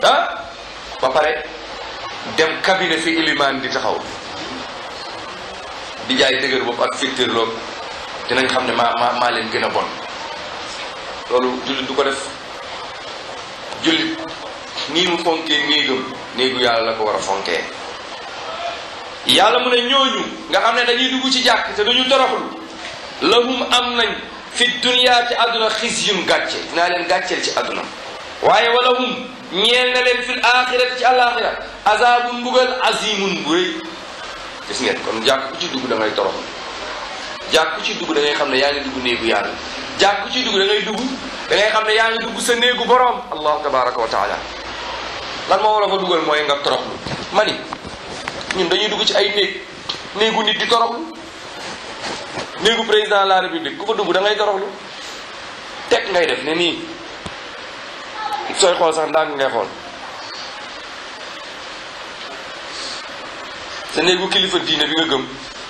ah ba pare dem cabinet fi ilimaan di taxaw di jaay dëgër bopp ak ficteur loog dinañ xam ne maa maa leen gën a bon loolu jullit du ko def jullit nii fonkee néegam néegu yàlla la ko war a fonkee yàlla mu ne ñooñu nga xam ne dañuy dugg ci jàkk te duñu toroxlu lahum am na fi dunya ci àdduna xisyun gàcce dinaa leen gàcceel ci àdduna waaye walahum ñeel na leen fil axirati ci àlaxira azabun mbugal azimun bu rëy gis ngeen kon jàkk ku ci dugg da ngay toroxlu jàkk ku ci dugg da ngay xam ne yaa ngi dugg néegu yàlla jàkk ku ci dugg da ngay dugg da ngay xam ne yaa ngi dugg sa néegu boroom allahu tabaraka wa taala lan moo war a ko dugal mooy nga toroxlu mani ñun dañuy dugg ci ay néeg néegu nit di toroxlu néegu président de la république ku fa dugg dangay ngay toroxlu teg ngay def ne nii sooy xool sax ndànk ngay xool sa néegu kilifa diine bi nga gëm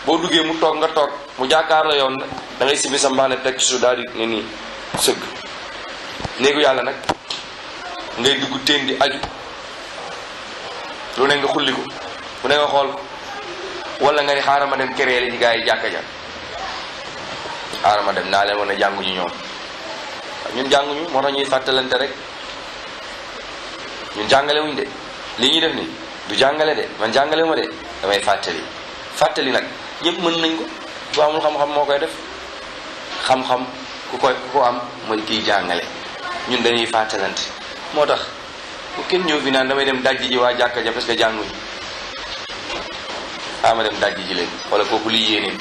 boo duggee mu toog nga toog mu jàkkaar la yoon da ngay simbi sa mbaane teg su daal di ne nii sëgg néegu yàlla nag ngay dugg teen di aju lu nga xulli ko mu ne nga xool wala nga ni xaaral ma dem créer ci gars yi jàkka ja xaaral ma dem naa leen wan a jànguñu ñoom ñun jànguñu moo tax ñuy fàttalante rek ñun jàngale wuñ de li ñuy def ni du jàngale de man jàngale ma de damay fàttali fàttali nag ñëpp mën nañ ko ku amul xam-xam moo koy def xam-xam ku koy ku am mooy kiy jàngale ñun dañuy fàttalante moo tax bu kenn ñëw fi naan damay dem dajji ji waa jàkka ja parce que jànguñu xaama dem dajji ji leen wala kooku li yéeneen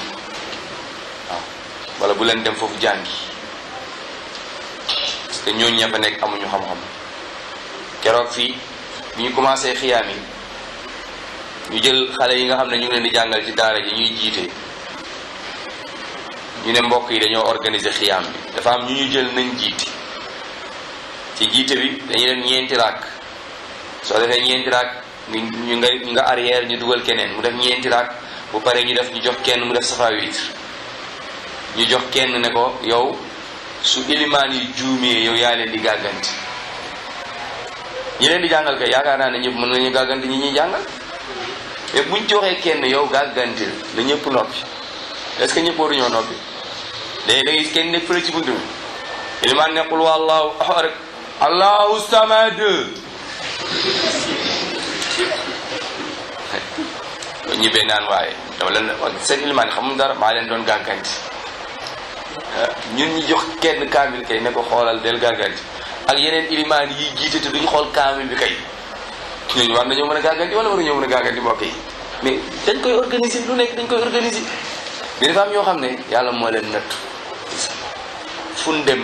waaw wala bu leen dem foofu jàngi parce que ñooñu ña fa nekk amuñu xam-xam keroog fii bi ñu commencé xiyaam yi ñu jël xale yi nga xam ne ñu ngi leen di jàngal ci daara ji ñuy jiite ñu ne mbokk yi dañoo organiser xiyaam bi dafa am ñu ñu jël nañ jiite ci jiite bi dañuy def ñeenti raak soo defee ñeenti raak ñu nga arrière ñu dugal keneen mu def ñeenti raak bu paree ñu def ñu jox kenn mu def safa witre ñu jox kenn ne ko yow su ilimaan yi juumee yow yaa leen di gàgganti ñi leen di jàngal kay yaakaar naa ne ñëpp mën nañu gàgganti ñu ñuy jàngal mais buñ ci waxee kenn yow gàggantil la ñëpp noppi est-ce que ñëpp waruñoo noppi léegi da ngay kenn nekk fële ci bunt bi ilimaan nekkul wallaahu ahad rek allahu samad boo naan waaye dama leen seen ilimaan yi xamul dara maa leen doon gàgganti ah, ñun ñu jox kenn kaamil kay na ko xoolal del gàgganti ak yeneen ilimaan yi jiite te duñ xool kaamil bi kay ñu war nañoo mën a gàgganti wala waruñoo mën a gàgganti mbokk yi mais dañ koy organiser lu nekk dañ koy organiser mais dafa am ñoo xam ne yàlla moo leen nattu fu dem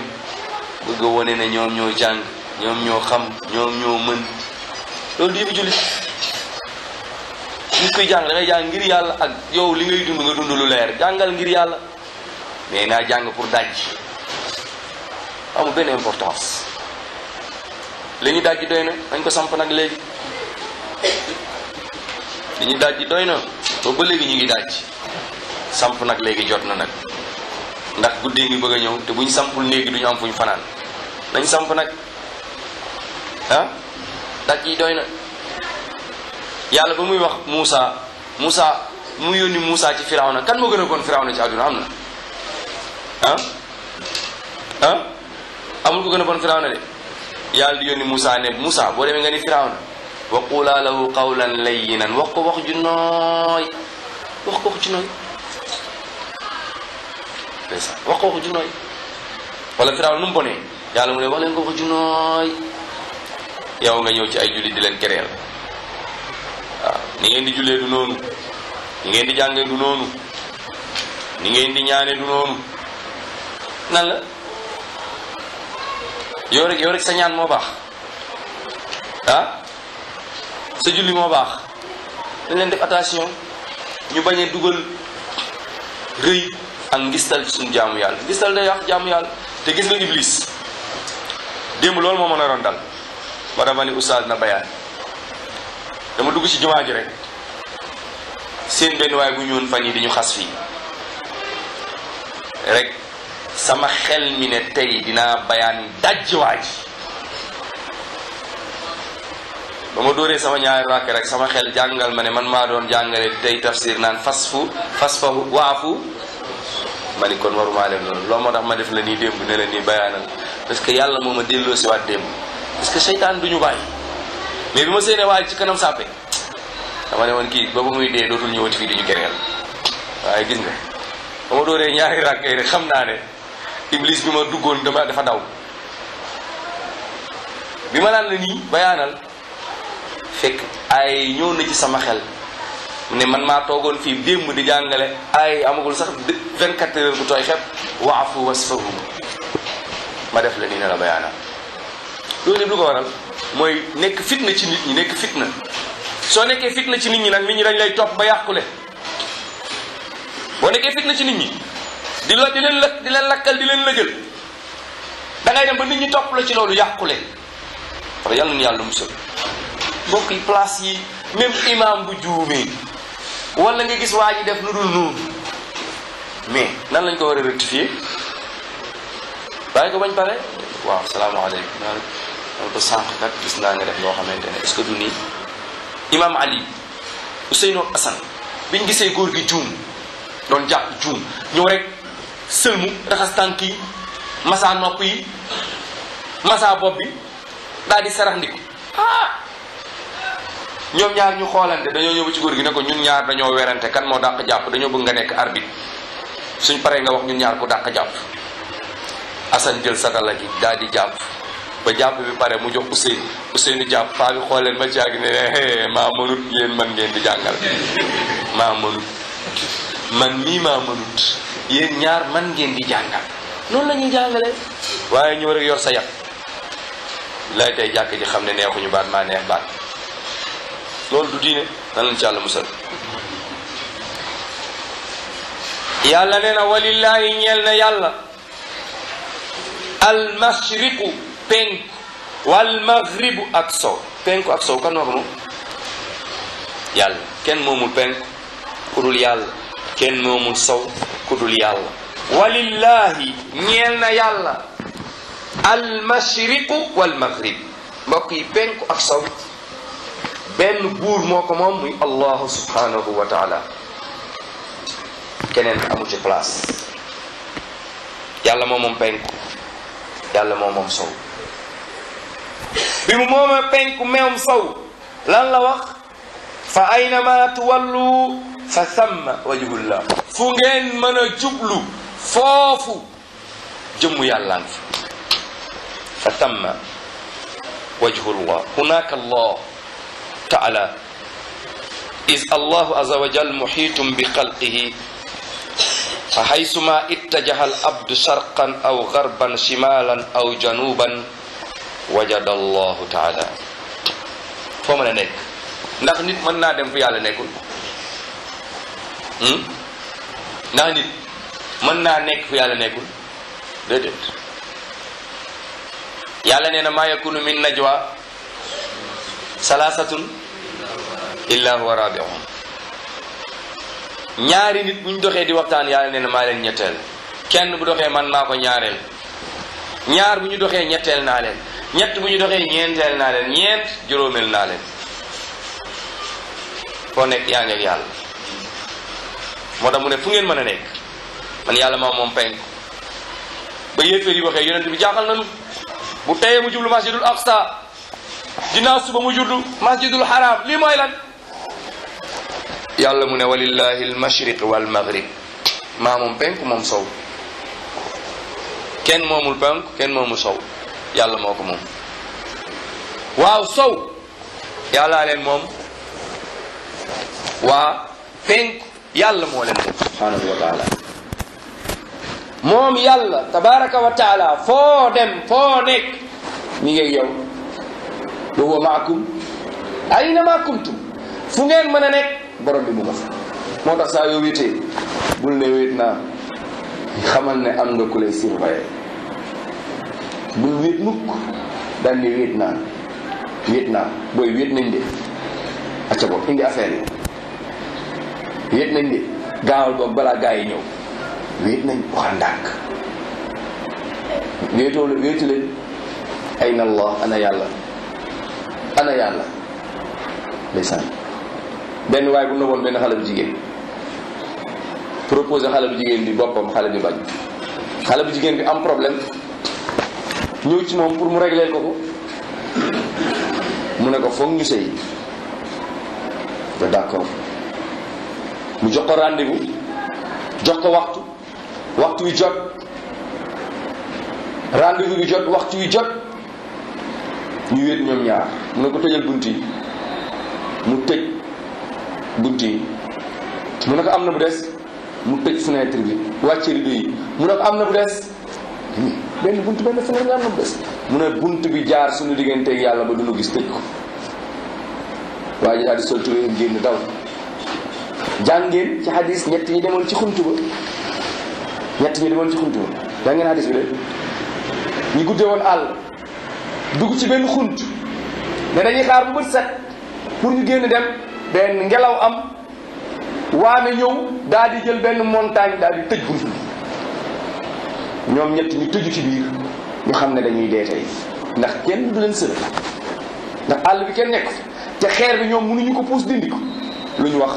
bëgg a wone ne ñoom ñoo jàng ñoom ñoo xam ñoom ñoo mën loolu di yëfu jullit nit koy jàng da jàng ngir yàlla ak yow li ngay dund nga dund lu leer jàngal ngir yàlla mais naa jàng pour dàjj amul benn importance li ñu dajj doy na dañ ko samp nag léegi li ñu dajj doy na ba ba léegi ñu ngi dajj samp nag léegi jot na nag ndax guddee ngi bëgg a ñëw te buñ sampul néegi duñu am fuñ fanaan nañ samp nag ah daj yi doy na yàlla ba muy wax Moussa Moussa mu yónni Moussa ci Firawna kan moo gën a kon Firawna ci àdduna am na ah ah amul ko gën a bon Firawna de yàlla di yónni Moussa ne Moussa boo demee nga ni Firawna wa wax ko wax ju wax ko wax ju nooy wax nu mu bonee yàlla mu ne wax leen ko wax ju yow nga ñëw ci ay jullit di leen kereel waaw ni ngeen di jullee du noonu ni ngeen di jàngee du noonu ni ngeen di ñaane du nan la yoo rek yow rek sa ñaan moo baax ah sa julli moo baax dañ leen def attention ñu bañ a dugal rëy ak ngistal ci suñu jaamu yàlla ngistal day yàq jaamu yàlla te gis nga iblis démb loolu moo mën a doon dal moo tax ma ni oustaz na bayaan dama dugg ci jumaa ji rek seen benn waay bu ñëwoon fan yi di xas fii rek sama xel mi ne tey dinaa bayaan dajj waa ji ba ma dóoree sama ñaari rakk rek sama xel jàngal ma ne man maa doon jàngale tey tafsir naan fasfu fasfahu waafu ma ni kon warumaa def loolu loo moo tax ma def la nii démb ne la nii bayaanal parce que yàlla moo ma delloo si waat démb parce que seytaan du ñu bàyyi mais bi ma séenee waa ci kanam sàppe dama ne woon kii ba ba muy dee dootul ñëwati fii di ñu kereel waaye gis nga ba ma dooree ñaari ràkkee xam naa ne iblis bi ma duggoon dama dafa daw bi ma naan la nii bayaanal fekk ay ñëw na ci sama xel ne man maa toogoon fii démb di jàngale ay amagul sax 24 heures bu tooy xepp waafu wasfahum ma def la nii na la bayaanal loolu yëpp lu ko waral mooy nekk fitna ci nit ñi nekk fitna soo nekkee fitna ci nit ñi nag nit ñi dañ lay topp ba yàqule boo nekkee fitna ci nit ñi di la di leen di leen lakkal di leen lëjal da ngay dem ba nit ñi topp la ci loolu yàqule wax yàlla na yàlla musal mbokk yi place yi même imam bu juumee wala nga gis waa ji def lu dul noonu mais nan lañ ko war a rectifier bàyyi ko bañ pare waaw salaamaaleykum ba sànq gis naa nga def loo xamante ne est-ce que du biñ gisee góor gi juum doon jàpp juum ñëw rek sëlmu raxas tànk yi nopp yi masa bopp bi daal di sarax ndiku ah! ñoom ñaar ñu xoolante dañoo ñëw ci góor gi ne ko ñun ñaar dañoo werante kan moo dàq jàpp dañoo bëgg nga nekk arbitre suñ paree nga wax ñun ñaar ko dàq jàpp Assane jël satala gi daal di jàpp ba jàpp bi pare mu jox Ousseynou Ousseynou jàpp paa bi xool leen ba caag ne maa mënut yéen man ngeen di jàngal ma mënut man mii maa mënut yéen ñaar man ngeen di jàngal noonu la ñuy jàngale waaye ñëw rek yor sa yàq lay tey jàkk ji xam ne neexuñu baat maa neex baat loolu du diine nan lañ ci àlla musal yàlla nee na ñeel na yàlla al penk wal maghribu ak sow moom yàlla kenn moomul penk kenn moomul sow ku dul yàlla walillahi ñeel na yàlla al mashriqu wal maghrib mbokk yi penku ak sow benn buur moo ko moom muy allahu subhanahu wa taala keneen amu ci place yàlla moom penku yàlla moo moom sow bi mu moomee penku meewum sow lan la wax fa aynama tuwallu fa samma wajhullah fu ngeen mën a jublu foofu jëmmu yàllaan fa fa samma wajhullah hunaka allah taala is allahu aza wa jal muhitum bi xalqihi fa haysuma ittajaha al abdu sharqan aw garban shimalan aw januban wajada allahu taala foo mën a nekk ndax nit mën naa dem fu yàlla nekkul hmm? ndax nit mën naa nekk fu yàlla nekkul déedéet yàlla nee na maa yakunu min najwa salaasatun illa huwa rabiuhum ñaari nit buñ doxee di waxtaan yàlla nee na maa leen ñetteel kenn bu doxee man maa ko ñaareel ñaar bu ñu doxee ñetteel naa leen ñett bu ñu doxee ñeenteel naa leen ñeent juróomeel naa leen foo nekk yaa ngi ak yàlla moo tax mu ne fu ngeen mën a nekk man yàlla maa moom penk ba yéeféer yi waxee yonent bi jaaxal nañu bu teyee mu jublu masjidul aqsa ginnaaw suba mu jublu masjidul haram lii mooy lan yàlla mu ne walillahi almashriq walmaghrib maa moom penk moom sow kenn moomul penk kenn moomul sow yàlla moo ko moom waaw sow yàllaa leen moom waa penk yàlla moo leen moom subhanahu wa moom yàlla tabaraka wa taala foo dem foo nekk mi ngi yow wa huwa maakum ayna ma kuntum fu ngeen mën a nekk borom bi mu nga fa moo tax saa yoo wéetee bul ne wéet naa xamal ne am nga ku lay surveiller bul wéet mukk daal ne wéet naa wéet naa booy wéet nañ de acca boog indi affaire yi wéet nañ de gaawal boog balaa gaa yi ñëw wéet nañ waxal ndànk wéetoo wéetu leen ay na allah ana yàlla ana yàlla benn waaye bu noboon benn xale bu jigéen proposé xale bu jigéen bi boppam xale bi bañ xale bu jigéen bi am problème ñëw ci moom pour mu régler ko ko mu ne ko foog ñu sëy te mu jox ko rendez-vous jox ko waxtu waxtu wi jot rendez-vous bi jot waxtu wi jot ñu wéet ñoom ñaar mu ne ko tëjal bunt yi mu tëj bunt yi mu ne ko am na bu des mu tëj fenêtre bi wàcce rideau yi mu ne ko am na bu des benn bunt benn feneen na mu ne bunt bi jaar suñu digganteeg yàlla ba duñu gis tëj ko waa ji daal di sol turéem génn daw jàngeen ci xadis ñett ñi demoon ci xuntu ba ñi demoon ci xuntu ba jàngeen xadis bi de ñi guddee woon àll dugg ci benn xunt ne dañuy xaar bu bët set pour ñu génn dem benn ngelaw am waame ñëw daal di jël benn montagne daal di tëj bunt bi ñoom ñett ñu tëju ci biir ñu xam ne dañuy dee tey ndax kenn du leen sële ndax àll bi kenn nekk te xeer bi ñoom mënuñu ko puus dindi ko lu ñu wax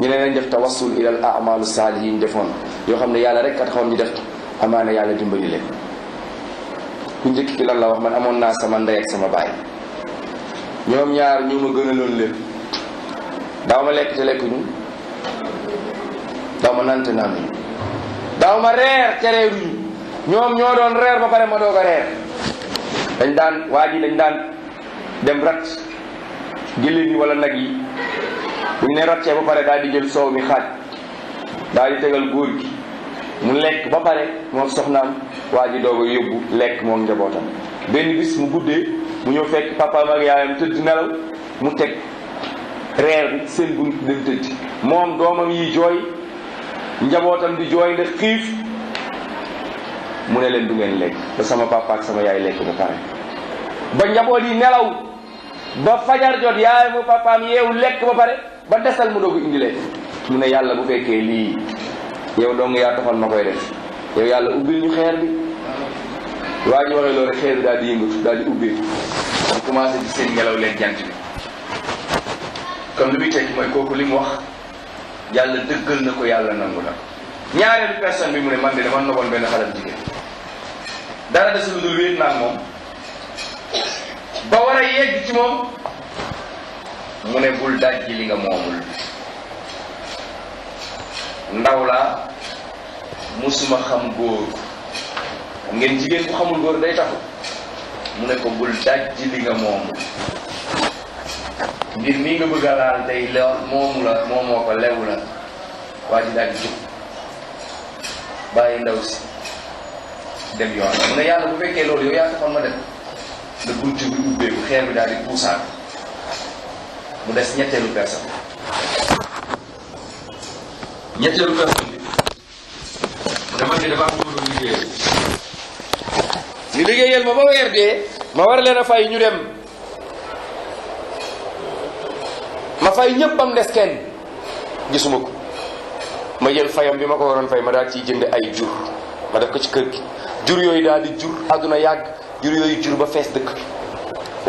ñu ne leen def tawassul ilal amalu saalih yi ñu defoon yoo xam ne yàlla rek a taxoon ñu def ko yàlla dimbali leen ku njëkk ki lan la wax man amoon naa sama ndey sama baay ñoom ñaar ñu ma loolu leen daaw ma lekk te lekkuñu daaw ma nante naanuñu daaw ma reer te reeruñu ñoom ñoo doon reer ba pare ma doog reer dañ daan waa ji dañ daan dem rat gëléem yi wala nag yi buñ ne rattee ba pare daal di jël soow mi xaaj daal di tegal góor gi mu lekk ba pare moom soxnaam waa ji doog yóbbu lekk moom njabootam benn bis mu guddee mu ñëw fekk papaam ak yaayam tëdd nelaw mu teg reer bi seen bunt dem tëdd moom doomam yi jooy njabootam di jooy ndax xiif mu ne leen du ngeen lekk ba sama papa sama yaay lekk ba pare ba njaboot yi nelaw ba fajar jot yaay mu papaam yeewu lekk ba pare ba desal mu doog indi leen mu ne yàlla bu fekkee lii yow dong yaa taxoon na koy def yow yàlla ubbil ñu xeer bi waa ji waxee loolu xeer bi daal di yëngatu daal di ubbeeku mu commencé ci seen ngelaw leen jant bi kon lu muy tekki mooy kooku li mu wax yàlla dëggal na ko yàlla nangu na ñaareelu personne bi mu ne man de dama noboon benn xale dara desul lu dul wéet naa moom ba war a yegg ci moom mu ne bul dajji li nga moomul ndaw laa musuma xam góor ngeen jigéen ku xamul góor day taxu mu ne ko bul dajji li nga moomul ngir nii nga bëgg laal tey loo moomu la moomoo ko lewu la waa ji daal bàyyi ndaw si dem yoon yàlla bu fekkee loolu yow yaa taxoon ma dem na bunt bi ubbeeku xeer bi daal di puusaat mu des ñetteelu personne ñetteelu personne bi mu ne man de dafa am lu mu liggéeyal ñu liggéeyal ma ba weer dee ma war leen a fay ñu dem ma fay ñëpp bam des kenn gisuma ko ma jël fayam bi ma ko waroon fay ma daal ci jënd ay jur ma def ko ci kër gi jur yooyu daal di jur àdduna yàgg jur yooyu jur ba fees dëkk bi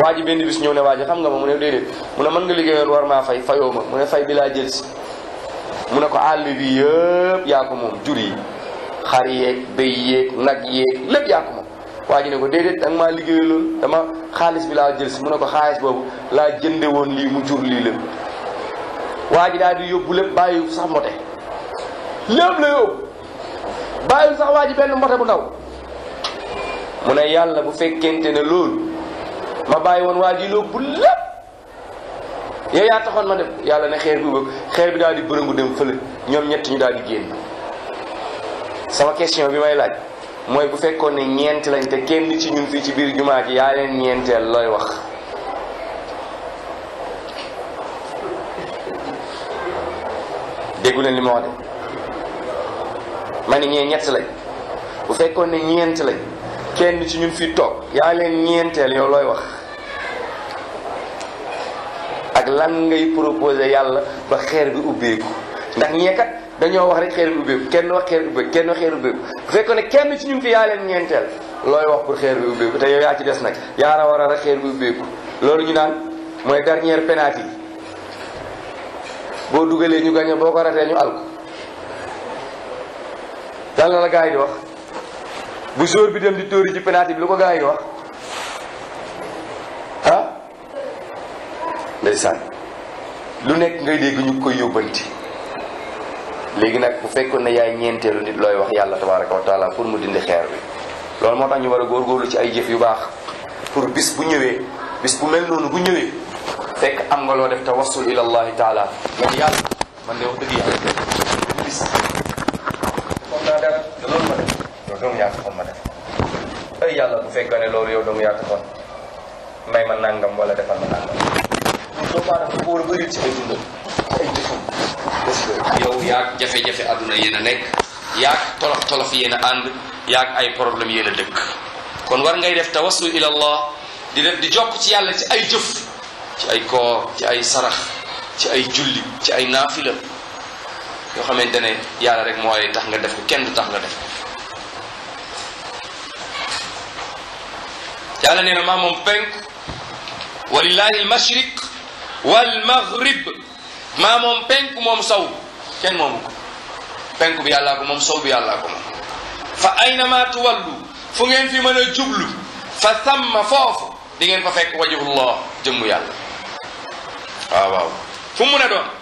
waa ji benn bis ñëw ne waa ji xam nga ma mu ne déedéet mu ne mën nga liggéeyoon war maa fay fayoo ma mu ne fay bi laa jël mu ne ko àll bi yëpp yaa ko moom jur yi xar yeeg béy yeeg nag yeeg lépp yaa ko moom waa ko déedéet danga maa liggéey loolu dama xaalis bi laa jël si mu ne ko xaalis boobu laa jënde woon lii mu jur lii lépp waa ji daal di yóbbu lépp bàyyi sax mote lépp la yóbbu bàyyil sax waa ji benn mbote bu ndaw mu ne yàlla bu fekkente ne loolu ma bàyyi woon waa ji bu lépp yow yaa taxoon ma dem yàlla ne xeer bi xeer bi daal di bërëngu dem fële ñoom ñett ñu daal di génn sama question bi may laaj mooy bu fekkoon ne ñeent lañ te kenn ci ñun fii ci biir jumaa ji yaa leen ñeenteel looy wax déggu leen li ma wax ma ne ñee ñett lañ bu fekkoon ne ñeent lañ kenn ci ñun fi toog yaa leen ñeenteel yow looy wax ak lan ngay proposé yàlla ba xeer bi ubbeeku ndax ñeekat dañoo wax rek xeer bi ubbeeku kenn wax xeer ubbeeku kenn xeer ubbeeku bu fekkoon ne kenn ci ñun fi yaa leen ñeenteel looy wax pour xeer bi ubbeeku te yow yaa ci des nag yaa la war a rek xeer bi ubbeeku loolu ñu naan mooy dernière penalty yi boo dugalee ñu gañe boo ko ratee ñu alko lan la la gars yi di wax bu jour bi dem di tóori ci penalty bi lu ko gars yi wax de ndeysaan lu nekk ngay dégg ñu koy yóbbanti léegi nag bu fekkoon ne yaay ñeenteelu nit looy wax yàlla tabaraka wa taala pour mu dindi xeer bi loolu moo tax ñu war a góor góorgóorlu ci ay jëf yu baax pour bis bu ñëwee bis bu mel noonu bu ñëwee fekk am nga loo def tawassul ilallahi taala man yàlla man de wax dëgg yàlla bis def te loolu yaa taxoon ma def ay yàlla bu yow dong yaa taxoon nangam wala defal ma nangam loolu àdduna yéen a nekk yaag tolof-tolof yéen a ànd yaag ay problème yéen a dëkk kon war ngay def tawassul ila allah di def di jokk ci yàlla ci ay jëf ci ay ko ci ay sarax ci ay julli ci ay naafila yoo xamante ne yàlla rek mooy tax nga def ko kenn du tax nga def ko yàlla nee na maa moom penk walillahi almashriq walmaghrib maa moom penk moom saw kenn moomu ko penk bi yàllaa ko moom saw bi yàllaa ko moom fa aynama tuwallu fu ngeen fi mën a jublu fa samma foofu di ngeen ko fekk wajhullah jëmmu yàlla waaw waaw fu mu ne doon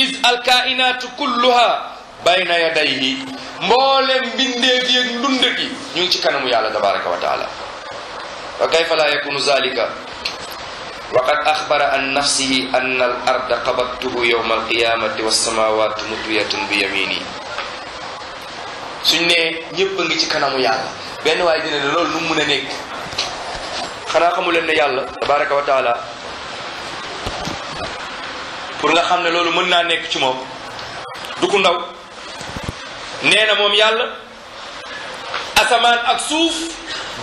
is alkainaatu kulluha bayna yadayhi mboolem mbindeef yeeg ndundat yi ñu ngi ci kanamu yàlla tabaraka wa taala wa kayfa la yakunu zalika waqad axbara an nafsihi an al arda qabattuhu yowma alqiyamati wassamawatu mutwiyatun bi yamini suñ ne ñëpp a ngi ci kanamu yàlla benn waaye dina ne loolu nu mu mun a nekk xanaa xamu leen ne yàlla tabaraka wa taala pour nga xam ne loolu mën naa nekk ci moom du ndaw nee na moom yàlla asamaan ak suuf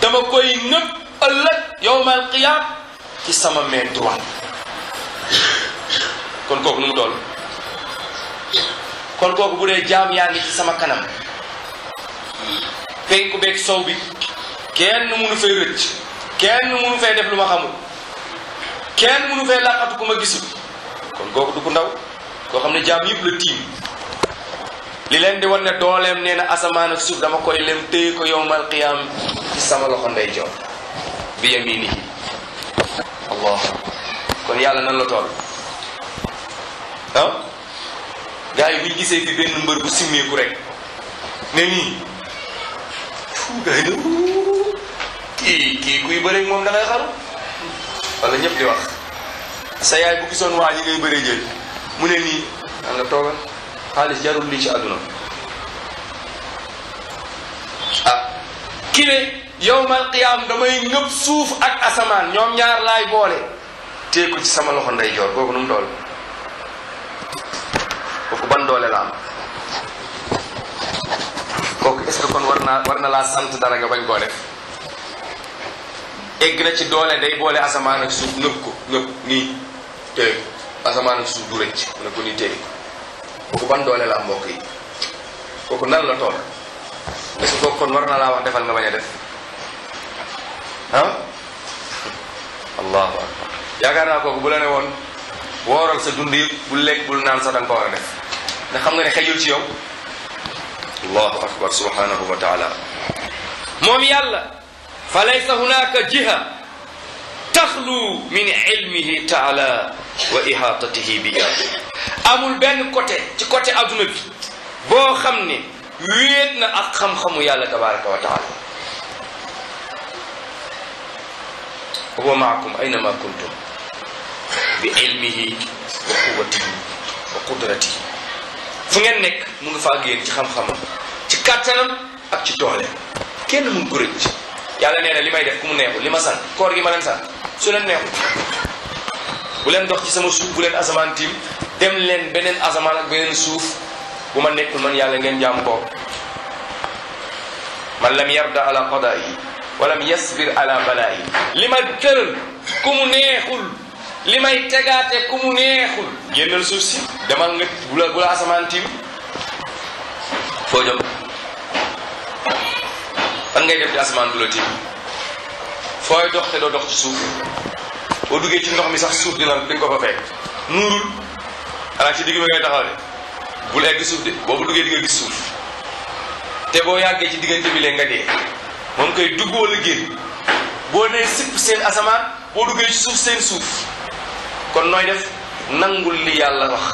dama koy nëb ëllëg yowmal qiyaam ci sama main droite kon kooku nu mu toll kon kooku bu dee jaam yaa ngi ci sama kanam penku beeg sow bi kenn munu fay rëcc kenn munu fay def lu ma xamul kenn munu fay laqatu ku ma gisul kon kooku du ndaw koo xam ne jaam yëpp la tiim li leen di wan ne dooleem nee na asamaan ak suuf dama koy lem téye ko yowmal qiyaam ci sama loxo ndeyjoor bi yaminihi allah kon yàlla nan la toll ah gars yi buñ gisee fi benn mbër bu simmeeku rek ne nii kii kii kuy bëreeg moom da ngay xaru wala ñëpp di wax sa yaay bu gisoon waa ji ngay bëree jël mu ne nii da nga toogal xaalis jarul lii ci àdduna ah ki ne yowmal qiyaam damay ngëb suuf ak asamaan ñoom ñaar laay boole tee ko ci sama loxo ndeyjoor joor kooku nu mu doole kooku ban doole la am kooku est kon war naa war na laa sant dara nga bañ koo def egg na ci doole day boole asamaan ak suuf ngëb ko ngëb nii téye ko asamaan suuf su rëcc mu ne ko ni téye ko kooku ban doole la am mbokk yi kooku nan la toll est-ce que kooku kon wax defal nga bañ def ah (laughs) allahu akbar yaakaar naa kooku bu la ne woon wooral sa dund yëpp bul lekk bul naan sax danga ko war a def ndax xam nga ne xejul ci yow allahu akbar subhanahu wa taala moom yàlla fa laysa hunaka jiha taxlu min ilmihi taala wa ihatatihi bi amul benn côté ci côté adduna bi boo xam ne wéet na ak xam-xamu yàlla tabaraka wa taala huwa maakum aynama kuntum bi ilmihi wa quwwatihi wa qudratihi fu ngeen nekk mu ngi fa ak yéen ci xam-xamam ci kàttanam ak ci doole kenn mun ko rëcc yàlla nee na li may def ku mu neexul li ma san koor gi ma leen sant su leen neexul bu leen dox ci sama suuf bu leen asamaan tiim dem leen beneen asamaan ak beneen suuf bu ma nekkul man yàlla ngeen jaam ko man lam yarda ala qadaa yi walam yasbir ala balaa li ma tëral ku mu neexul li may tegaate ku mu neexul génnal suuf si demal nga bu la bu la asamaan tiim foo jëm fan ngay def te asamaan du la tiim fooy dox te doo dox ci suuf boo duggee ci ndox mi sax suuf dina di ko fa fekk nuurul xanaa ci digg bi ngay taxaw de bul egg suuf de boobu duggee di nga gis suuf te boo yàggee ci diggante bi lee nga dee moom koy dugg wala boo nee sipp seen asamaan boo duggee ci suuf seen suuf kon nooy def nangul li yàlla wax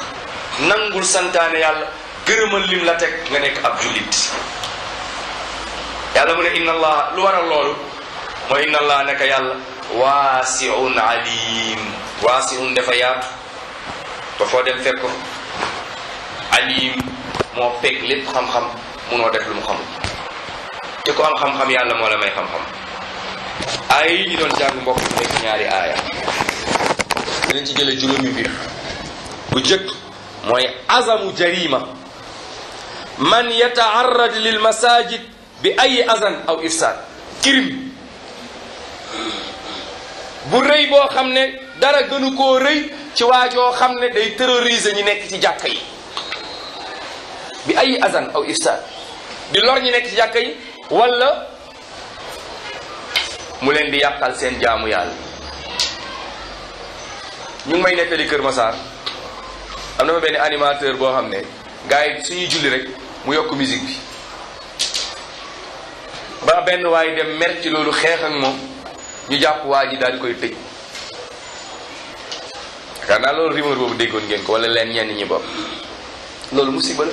nangul santaane yàlla gërëmal lim la teg nga nekk ab jullit yàlla mu ne inna allah lu waral loolu mooy inna allah naka yàlla waasiun alim waasiun dafa yaatu te foo dem fekk ko alim moo peeg lépp xam-xam munoo def lu mu xamul te ko am xam-xam yàlla moo la may xam-xam aaya yi ñu doon jàng mbokk bi nekk ñaari aaya dinañ ci jële juróomi mbir bu jëkk mooy azamu jarima man yataarrad lil masajid bi ay azan aw ifsaad crime bu rëy boo xam ne dara gënu koo rëy ci waajoo xam ne day terroriser ñi nekk ci jàkka yi bi ay azan aw ifsaad di lor ñi nekk ci jàkka yi wala mu leen di yàqal seen jaamu yàlla ñu ngi may nettali Kër Massar am na fa animateur boo xam ne gars yi suñuy julli rek mu yokk musique bi ba benn waaye dem mer ci loolu xeex ak moom ñu jàpp waa ji daal di koy tëj yaakaar naa loolu rumeur boobu déggoon ngeen ko wala leen ñenn ñi bopp loolu mu la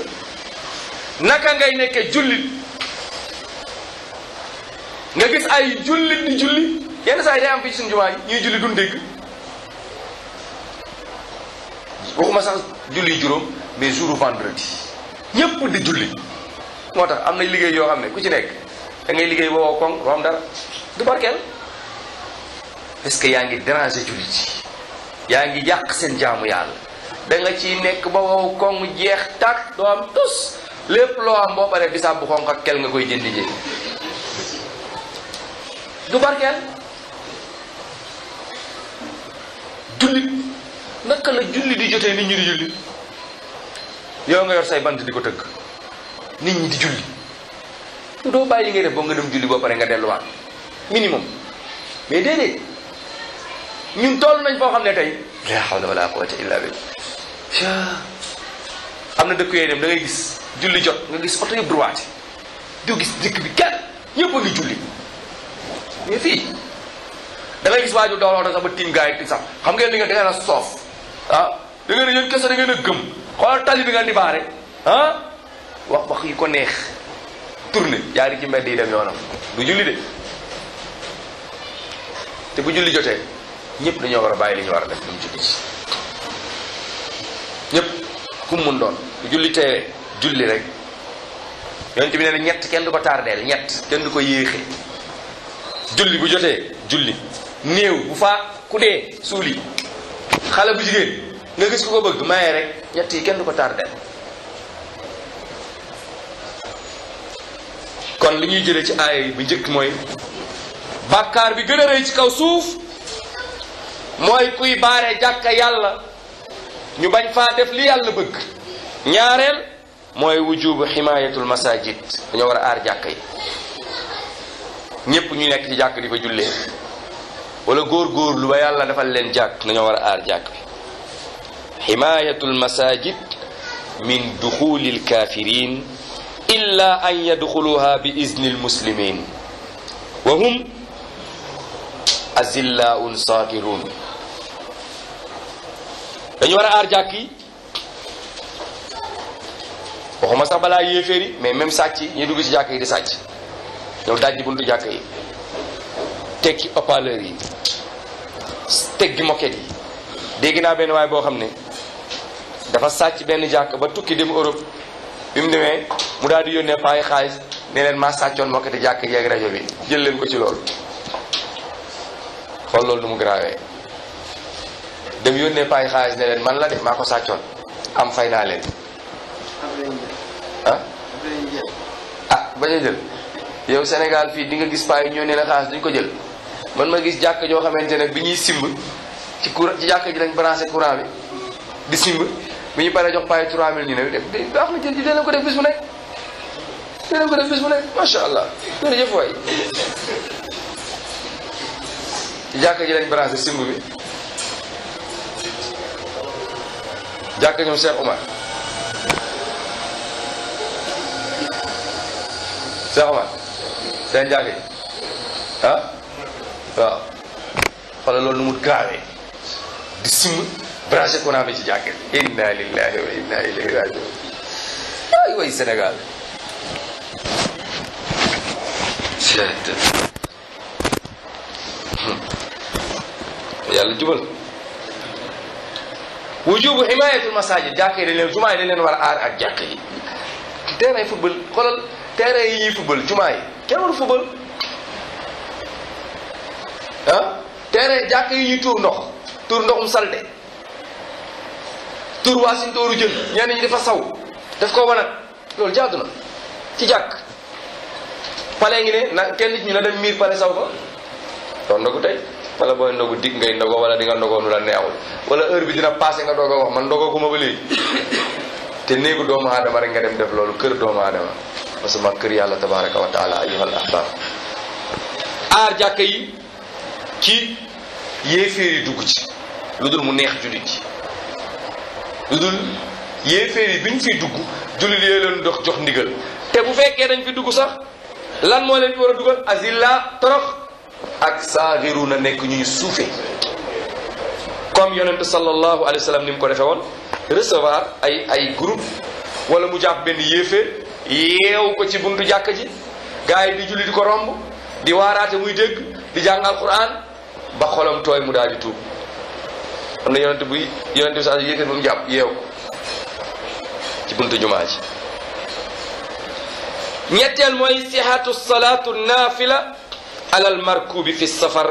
naka ngay nekke jullit nga gis ay jullit di julli yenn saa yi day am fii ci suñu ñuy julli duñ dégg waxuma sax julli juróom mais jour vendredi ñëpp di julli moo tax am na liggéey yoo xam ne ku ci nekk dangay liggéey ba wow koŋ doo am dara du barkeel parce que yaa ngi déranger jullit yi yaa ngi yàq seen jaamu yàlla da nga ciy nekk ba wow koŋ jeex tàkk doo am tus lépp loo am boo paree bisaab bu xonq ak kel nga koy jëndi ji du barkeel jullit naka la julli di jotee nit ñi di julli yow nga yor say bant di ko tëgg nit ñi di julli doo bàyyi li ngay def boo nga dem julli ba pare nga delluwaat minimum mais déedéet ñun toll nañ foo xam ne tey la hawla wala quwwata illa billah am na dëkk yooyu dem da gis julli jot nga gis oto yëpp droit du gis dëkk bi kenn ñëpp a ngi julli mais fii da ngay gis waa ju oto sax ba tiim gars yi sax xam ngeen li nga da ngeen a soof ah da ngeen a yéen kese da ngeen a tali bi nga di baare ah wax wax yi ko neex tourné yaa ngi ci mbedd yi dem yoonam du julli de te bu julli jotee ñëpp dañoo war a bàyyi li war a def lu mu julli ci ñëpp ku mun doon bu julli teelee julli rek yonent bi nee na ñett kenn du ko tardeel ñett kenn du ko yéexe julli bu jotee julli néew bu faa ku dee suuli xale bu jigéen nga gis ku ko bëgg maye rek ñett yi kenn du ko tardeel kon li ñuy jëlee ci aaya bu njëkk mooy bàkkaar bi gën a ci kaw suuf mooy kuy bare jàkka yàlla ñu bañ fa def li yàlla bëgg ñaareel mooy wujubu ximaayatul masajid dañoo war a aar jàkka yi ñépp ñu nekk ci jàkk di fa jullee wala góor góor lu ba yàlla defal leen jàkk dañoo war a aar jàkk bi ximaayatul masajid min duxulil kaafiriin illa an yadxuluha bi izni lmuslimin wa hum azillaun sagiruun dañu war a aar jàkk yi waxuma sax balaa yéeféer yi mais même sàcc yi ñuy dugg ci jàkk yi di sàcc ñëw dajji buntu jàkk yi tekki haut-parleur yi teggi moket yi dégg naa benn waay boo xam ne dafa sàcc benn jàkk ba tukki dem Europe bi mu demee mu daal di yónnee paay xaalis ne leen maa sàccoon mokkati jàkk yeeg rajo bi jël leen ko ci loolu xool loolu nu mu grawee dem yónnee paay xaalis ne leen man la de maa ko sàccoon am fay naa leen ah, ah ba ñu a jël yow Sénégal fii di nga gis paay ñoo nee na xaalis duñ ko jël man ma gis jàkk joo xamante ne bi ñuy simb ci courant ci jàkk ji lañ branché courant bi di simb bu ñu paree jox paay 3000 ñu ne def de baax na jën ko def bis bu nekk dinañ ko def bis bu nekk macha allah jërëjëf waay. jàkka ji lañ branché simb bi jàkka ñoom seen jàkka ji ah waaw xoolal loolu mu gaawee di simb. branché courant bi ci jàkkee inna lillahi wa inna ilayhi rajiun ay way Sénégal yàlla jubal wujubu himayatul masajid jàkka yi dañ leen jumaa yi dañ leen war a ak jàkka yi terrain yi football xoolal terrain yi ñuy football jumaa yi kenn waru football ah terrain jàkka yi ñuy tuur ndox tuur ndoxum salte tur waa si dooru jën ñenn ñi dafa saw def ko wanag loolu jaadu na ci jàkk pale ngi ne na kenn ci ñu na dem miir pale saw ko doon ndogu tey wala booy ndogu dig ngay ndogo wala di nga ndogoo nu la neexul wala heure bi dina passé nga doog a wax man ndogoo ko ma ba léegi (coughs) te néegu doomu adama rek nga dem def loolu kër doomu aadama parce que ma kër yàlla tabaraka wa taala ayyuhal ahbab aar jàkka yi ci yéeféer yi dugg ci lu dul mu neex jullit yi lu dul yéeféer yi bi ñu fiy dugg jullit yooyu leen dox jox ndigal te bu fekkee dañ fi dugg sax lan moo leen fi war a dugal asila torox ak saaxiru na nekk ñuy suufe comme yonent sallallahu alayhi wa sallam ni mu ko defee woon recevoir ay ay groupe wala mu jàpp benn yéeféer yeew ko ci buntu jàkk ji gars yi di julli di ko romb di waaraate muy dégg di jàng alquran ba xolam tooy mu daal di tuub am na yonent buy mu jàpp yeew ci buntu jumaa ji ñetteel mooy sihatu salaatu naafila fi safar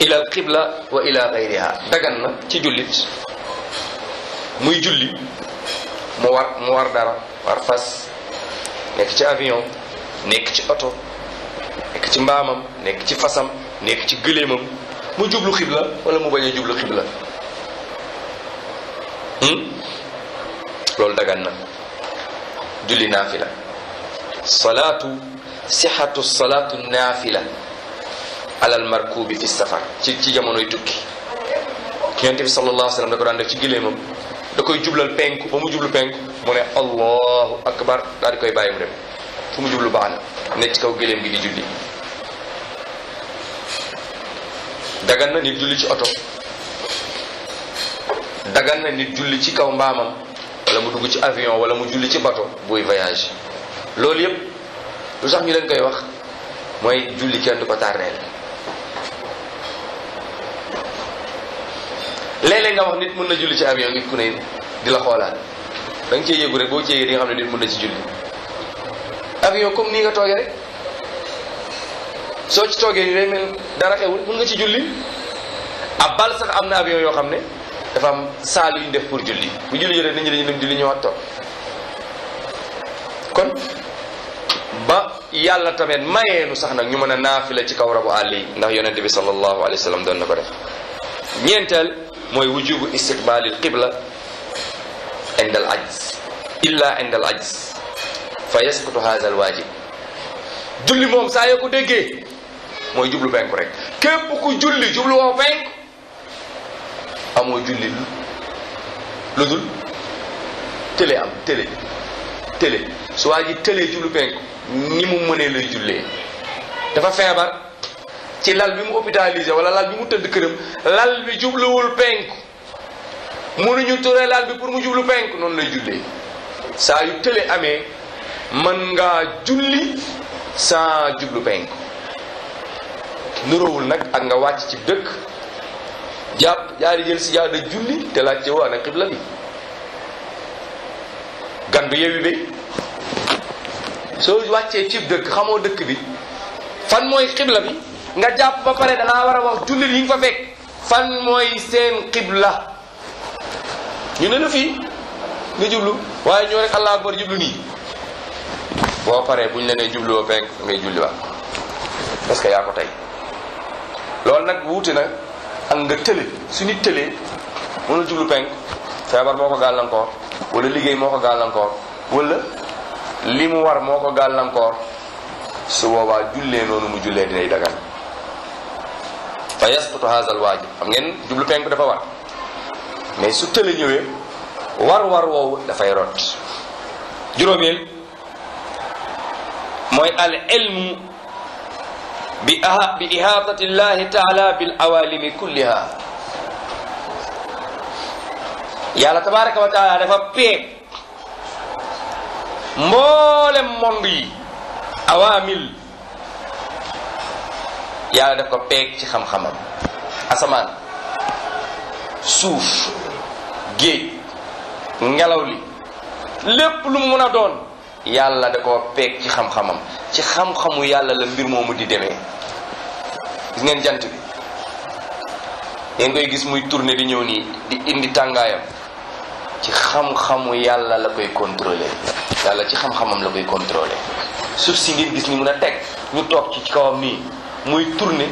ila al qibla wa ila gayriha ci jullit muy julli mu war mu war dara war fas nekk ci avion nekk ci oto nekk ci mbaamam nekk ci fasam nekk ci gëléemam mu jublu xibla wala mu bañ a jublu xibla hmm? loolu dagan na julli naafila salaatu sixatu salaatu naafila alal markubi fi safar ci ci jamonoy tukki yonent bi sallallahu alayhi wa sallam da ko daan def ci gileemam da koy jublal penku ba mu jublu penku akbar daal koy bàyyi mu dem fu mu jublu baax na ne ci kaw di julli dagan na nit julli ci oto dagan na nit julli ci kaw mbaamam wala mu dugg ci avion wala mu julli ci bato buy voyage loolu yépp lu sax ñu lañ koy wax mooy julli kenn du ko tàrreel léeg nga wax nit mun na julli ci avion nit ku ne di la xoolaat da nga cee yëgu rek boo cee yëgee di xam ne nit mun na ci julli avion comme nii nga toogee rek soo ci toogee ni day mel dara xewul mun nga ci julli ab bal sax am na avion yoo xam ne dafa am saal yu def pour julli bu julli jotee nit ñi dañu dem julli ñëwaat toog kon ba yàlla tamit mayeenu sax nag ñu mën a naafila ci kaw rabu àll ndax yonente bi sallallahu alayhi wa sallam doon na ko def mooy wujubu istiqbalil qibla inda al ajz illa inda al ajz fa yasqutu hadha al waajib julli moom saa yoo ko déggee mooy jublu penku rek képp ku julli jublu woo penku amoo julli lu dul télé am télé télé su waa ji télé jublu penku ni mu mënee lay jullee dafa feebar ci lal bi mu hôpitalisé wala lal bi mu tëdd këram lal bi jubluwul penku mënuñu turee lal bi pour mu jublu penku noonu lay jullee saa yu télé amee man ngaa julli saa jublu penku nuróowul nag ak nga wàcc ci dëkk jàpp jaari jël si jaada julli te laajte waa na xibla bi gan bi yewi bi soo wàccee cib dëkk xamoo dëkk bi fan mooy xibla bi nga jàpp ba pare danaa war a wax jullit yi nga fa fekk fan mooy seen xibla ñu ne la fii nga jublu waaye ñoo rek allah akbar jublu nii boo paree bu ñu la nee jublu ba penk ngay julli waat parce que yaa ko tey loolu nag wuute na am nga tële su nit tëlee mënul jublu penk feebar moo ko gàllankoor wala liggéey moo gàllankoor wala li mu war moo ko gàllankoor su boobaa jullee noonu mu jullee dinay dagan fa yasqutu haazal waajib xam ngeen jublu penk dafa war mais su tële ñëwee war war woowu dafay rot juróomeel mooy al ilmu bi ah, ihaatati llahi taala bil awalimi kulliha yàlla tabaraka wa taala dafa peeg mboolem monde awamil yàlla daf ko peeg ci xam-xamam asamaan suuf géej ngelaw li lépp mu mën a doon yàlla da ko peeg ci xam-xamam ci xam-xamu yàlla la mbir moomu di demee gis ngeen jant bi ngeen koy gis muy tourner di ñëw nii di indi tàngaayam ci xam-xamu yàlla la koy contrôler yàlla ci xam-xamam la koy contrôler suuf si ngeen gis ni a teg ñu toog kawam nii muy tourner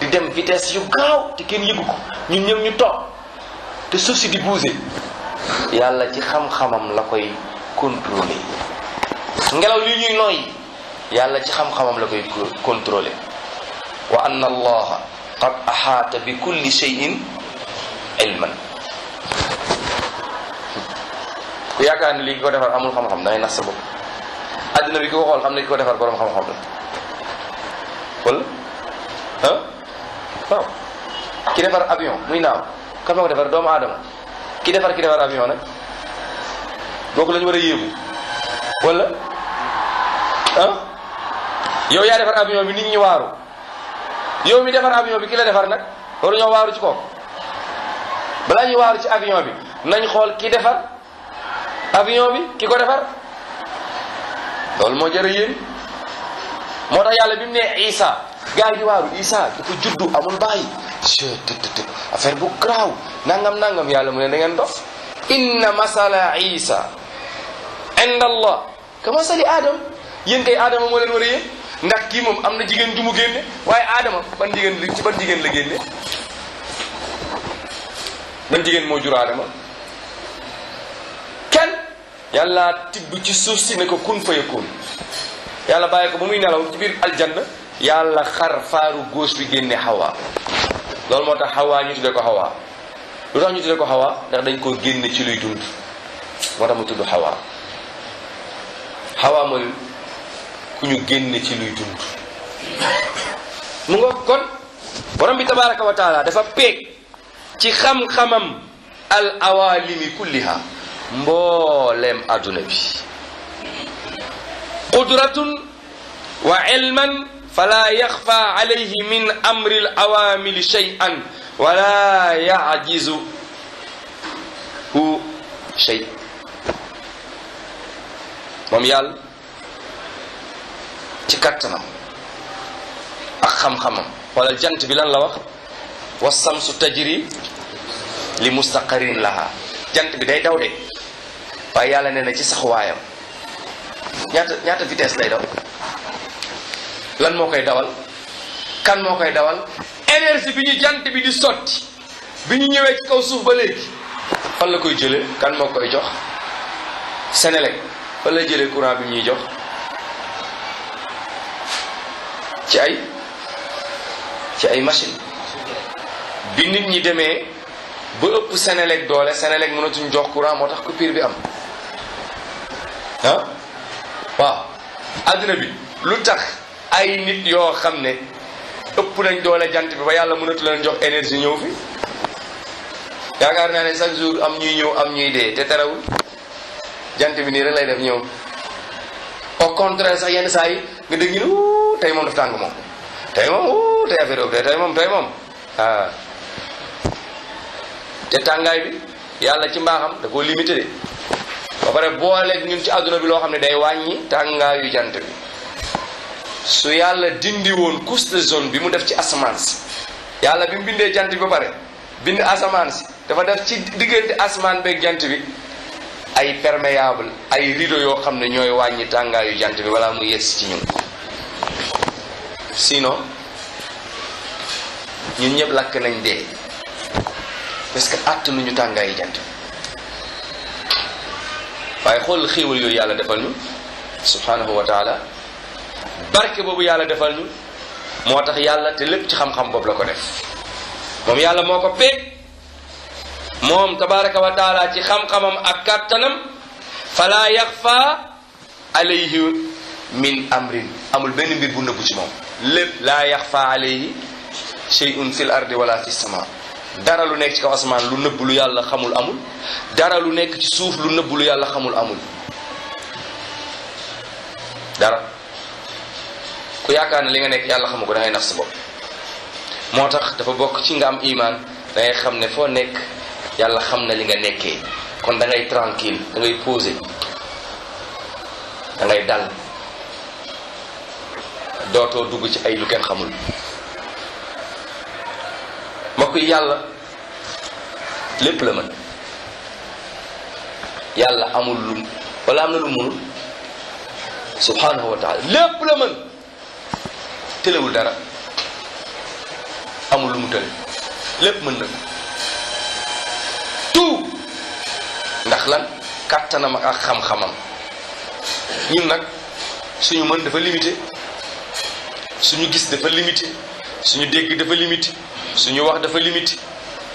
di dem vitesse yu gaaw yëgu ko ñun ñëpp ñu toog te suuf si yàlla ci xam la koy contrôler ngelaw li ñuy nooy yàlla ci xam-xamam la koy contrôlé wa anna allaha qad axaata bi kulli shay'in ilman ku yaakaar ni lii ko defar amul xam-xam dangay nax sa bopp adduna bi ki ko xool xam ne ki ko defar borom xam-xam la wala ah ki defar avion muy naaw kan moo ko defar doomu aadama ki defar ki defar avion nag booku la ñu war a yéemu wala ah yow yaa defar avion ni nit ñi waaru yow mi defar avion bi ki la defar nag waru ñoo waaru ci ko balaa ñuy waaru ci avion bi nañ xool ki defar avion bi ki ko defar loolu moo jërë yéen moo tax yàlla bi mu nee Isa gars yi di waaru Isa dafa juddu amul bàyyi tt affaire bu garaaw nangam nangam yàlla mu ne da ngeen dof inna masala Isa inda allah ka Adam yéen kay aadama moo leen war a yéen ndax kii moom am na jigéen ju mu génne waaye aadama ban jigéen la ci ban jigéen la génne ban jigéen moo jur aadama kenn yàlla tibb ci suuf si ne ko kun fayakun yàlla bàyyi ko ba muy nelaw ci biir aljanna yàlla xar faaru góos bi génne xawaa loolu moo tax xawaa ñu tuddee ko xawaa lu tax ñu tuddee ko xawaa ndax dañ koo génne ci luy dund moo tax mu tudd xawaa xawaa mooy ku ñu génne ci luy dund mu nga kon borom bi tabaraka dafa peeg ci xam-xamam al awalimi kulliha mbooleem adduna bi qudratun wa ilman fala yaxfa alayhi min amri l awamili shay'an wala yajizu hu shay moom ci kattanam ak xam-xamam xoolal jant bi lan la wax wasamsu tajri li mustaqarin laha jant bi day daw de waaye yàlla nee na ci saxuwaayam ñaata ñaata vitesse lay daw lan moo koy dawal kan moo koy dawal énergie bi ñu jant bi di sotti bi ñu ñëwee ci kaw suuf ba léegi fan la koy jële kan moo koy jox Senelec fan la jëlee courant bi ñuy jox ci ay ci ay machine bi nit ñi demee ba ëpp Senelec doole Senelec mënatuñ jox courant moo tax coupure bi am ah waaw àddina bi lu tax ay nit yoo xam ne ëpp nañ doole jant bi ba yàlla mënatu leen jox énergie ñëw fi yaakaar naa ne chaque jour am ñuy ñëw am ñuy dee te terewul jant bi nii rek lay def ñëw au contraire sax yenn saa yi nga dégg ñu ne wuu tey moom daf tàng moom tey moom wuu tey affaire boobu tey moom tey moom ah. te tàngaay bi yàlla ci mbaaxam da koo limité de ba pare booleeg ñun ci àdduna bi loo xam ne day wàññi tàngaayu jant bi su yàlla dindi woon couche de zone bi mu def ci asamaan si yàlla bi mu bindee jant bi ba pare bind asamaan si dafa def ci diggante asamaan beeg jant bi ay perméable ay rideau yoo xam ne ñooy wàññi tàngaayu jànt bi balaa mu yegsi ci ñun sinon ñun ñëpp lakk nañ dee parce que àtt nuñu tàngaayu jant bi waaye xool xéewal yooyu yàlla defal nu subhanahu wa taala barke boobu yàlla defal ñu moo tax yàlla te lépp ci xam-xam boobu la ko def moom yàlla moo ko peeg moom tabaraka wa taala ci xam-xamam ak kàttanam fala yaxfa alayhi min amrin amul benn mbir bu nëbbu ci moom lépp laa yaxfa alayhi shay'un fil ardi wala fi sama dara lu nekk ci kaw asamaan lu nëbbu lu yàlla xamul amul dara lu nekk ci suuf lu nëbbu lu yàlla xamul amul dara ku yaakaar ne li nga nekk yàlla xamu ko da ngay nax sa bopp moo tax dafa bokk ci nga am imaan da xam ne foo nekk yàlla xam na li nga nekkee kon da ngay tranquille da ngay posé dal dootoo dugg ci ay lu kenn xamul mbokk yi yàlla lépp la mën yàlla amul lu wala am na lu mënul subhanahu wa lépp la mën tëlewul dara amul lu mu tële lépp mën na lan kàttanam ak xam-xamam ñun nag suñu mën dafa limité suñu gis dafa limité suñu dégg dafa limité suñu wax dafa limité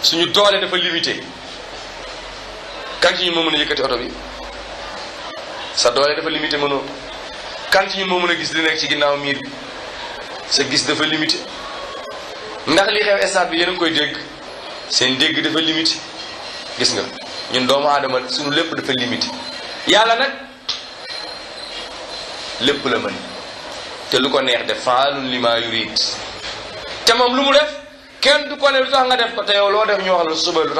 suñu doole dafa limité kan ci ñun moo mën a oto bi sa doole dafa limité mënoo kan ci moo mën a gis li nekk ci ginnaaw miir bi sa gis dafa limité ndax li xew stade bi yéen koy dégg seen dégg dafa limité gis nga ñun doomu aadama suñu lépp dafa limité yàlla nag lépp la mën te lu ko neex def faalun lima yurid te moom lu mu def kenn du ko ne lu def ko te yow loo def ñu wax la suba def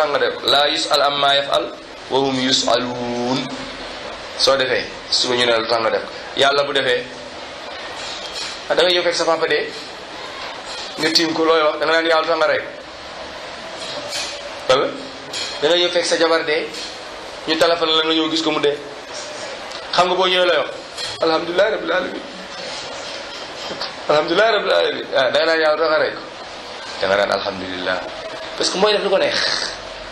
laa yusal am maa yafal wa soo defee suñu ñu ne lu tax nga def yàlla bu defee ah, da ngay ñëw fekk sa papa dee nga tiim ko looy wax da nga naan yàlla tax nga rek dana ñëw fekk sa jabar de ñu téléphone la nga ñëw gis ko mu dee xam nga boo ñëwee lay wax alhamdulilah rabbil alamin alhamdulilah rabbil alamin waaw ah, da nga naan yàlla ko da nga naan parce que mooy def lu ko neex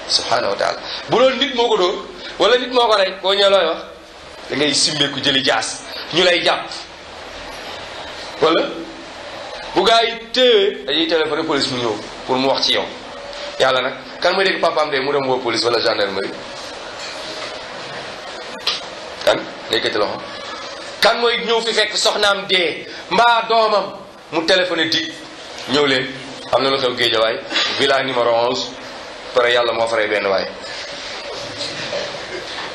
subhanahu wa bu doon nit moo ko dóor wala nit moo ko rey boo ñëwee looy wax simbeeku jëli jaas ñu lay jàpp wala bu gaa yi téye dañuy téléphoné police mu ñëw pour mu wax ci yow yàlla nag kan mooy dégg papaam de mu dem woo police wala gendarmerie kan lékkati loxo kan mooy ñëw fi fekk soxnaam dee mbaa doomam mu téléphoné di ñëw leen am na lu xew géejawaay villa numéro 11 pare yàlla moo fa rey benn waay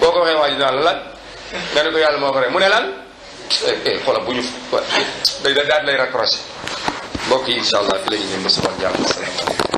boo ko waxee waa ji la lan nga ne yàlla moo fa mu ne lan eh, eh, xoolal bu ñu day daal lay raccroché mbokk yi allah fi la ñu ñëw ba suba jàmm asalaamaaleykum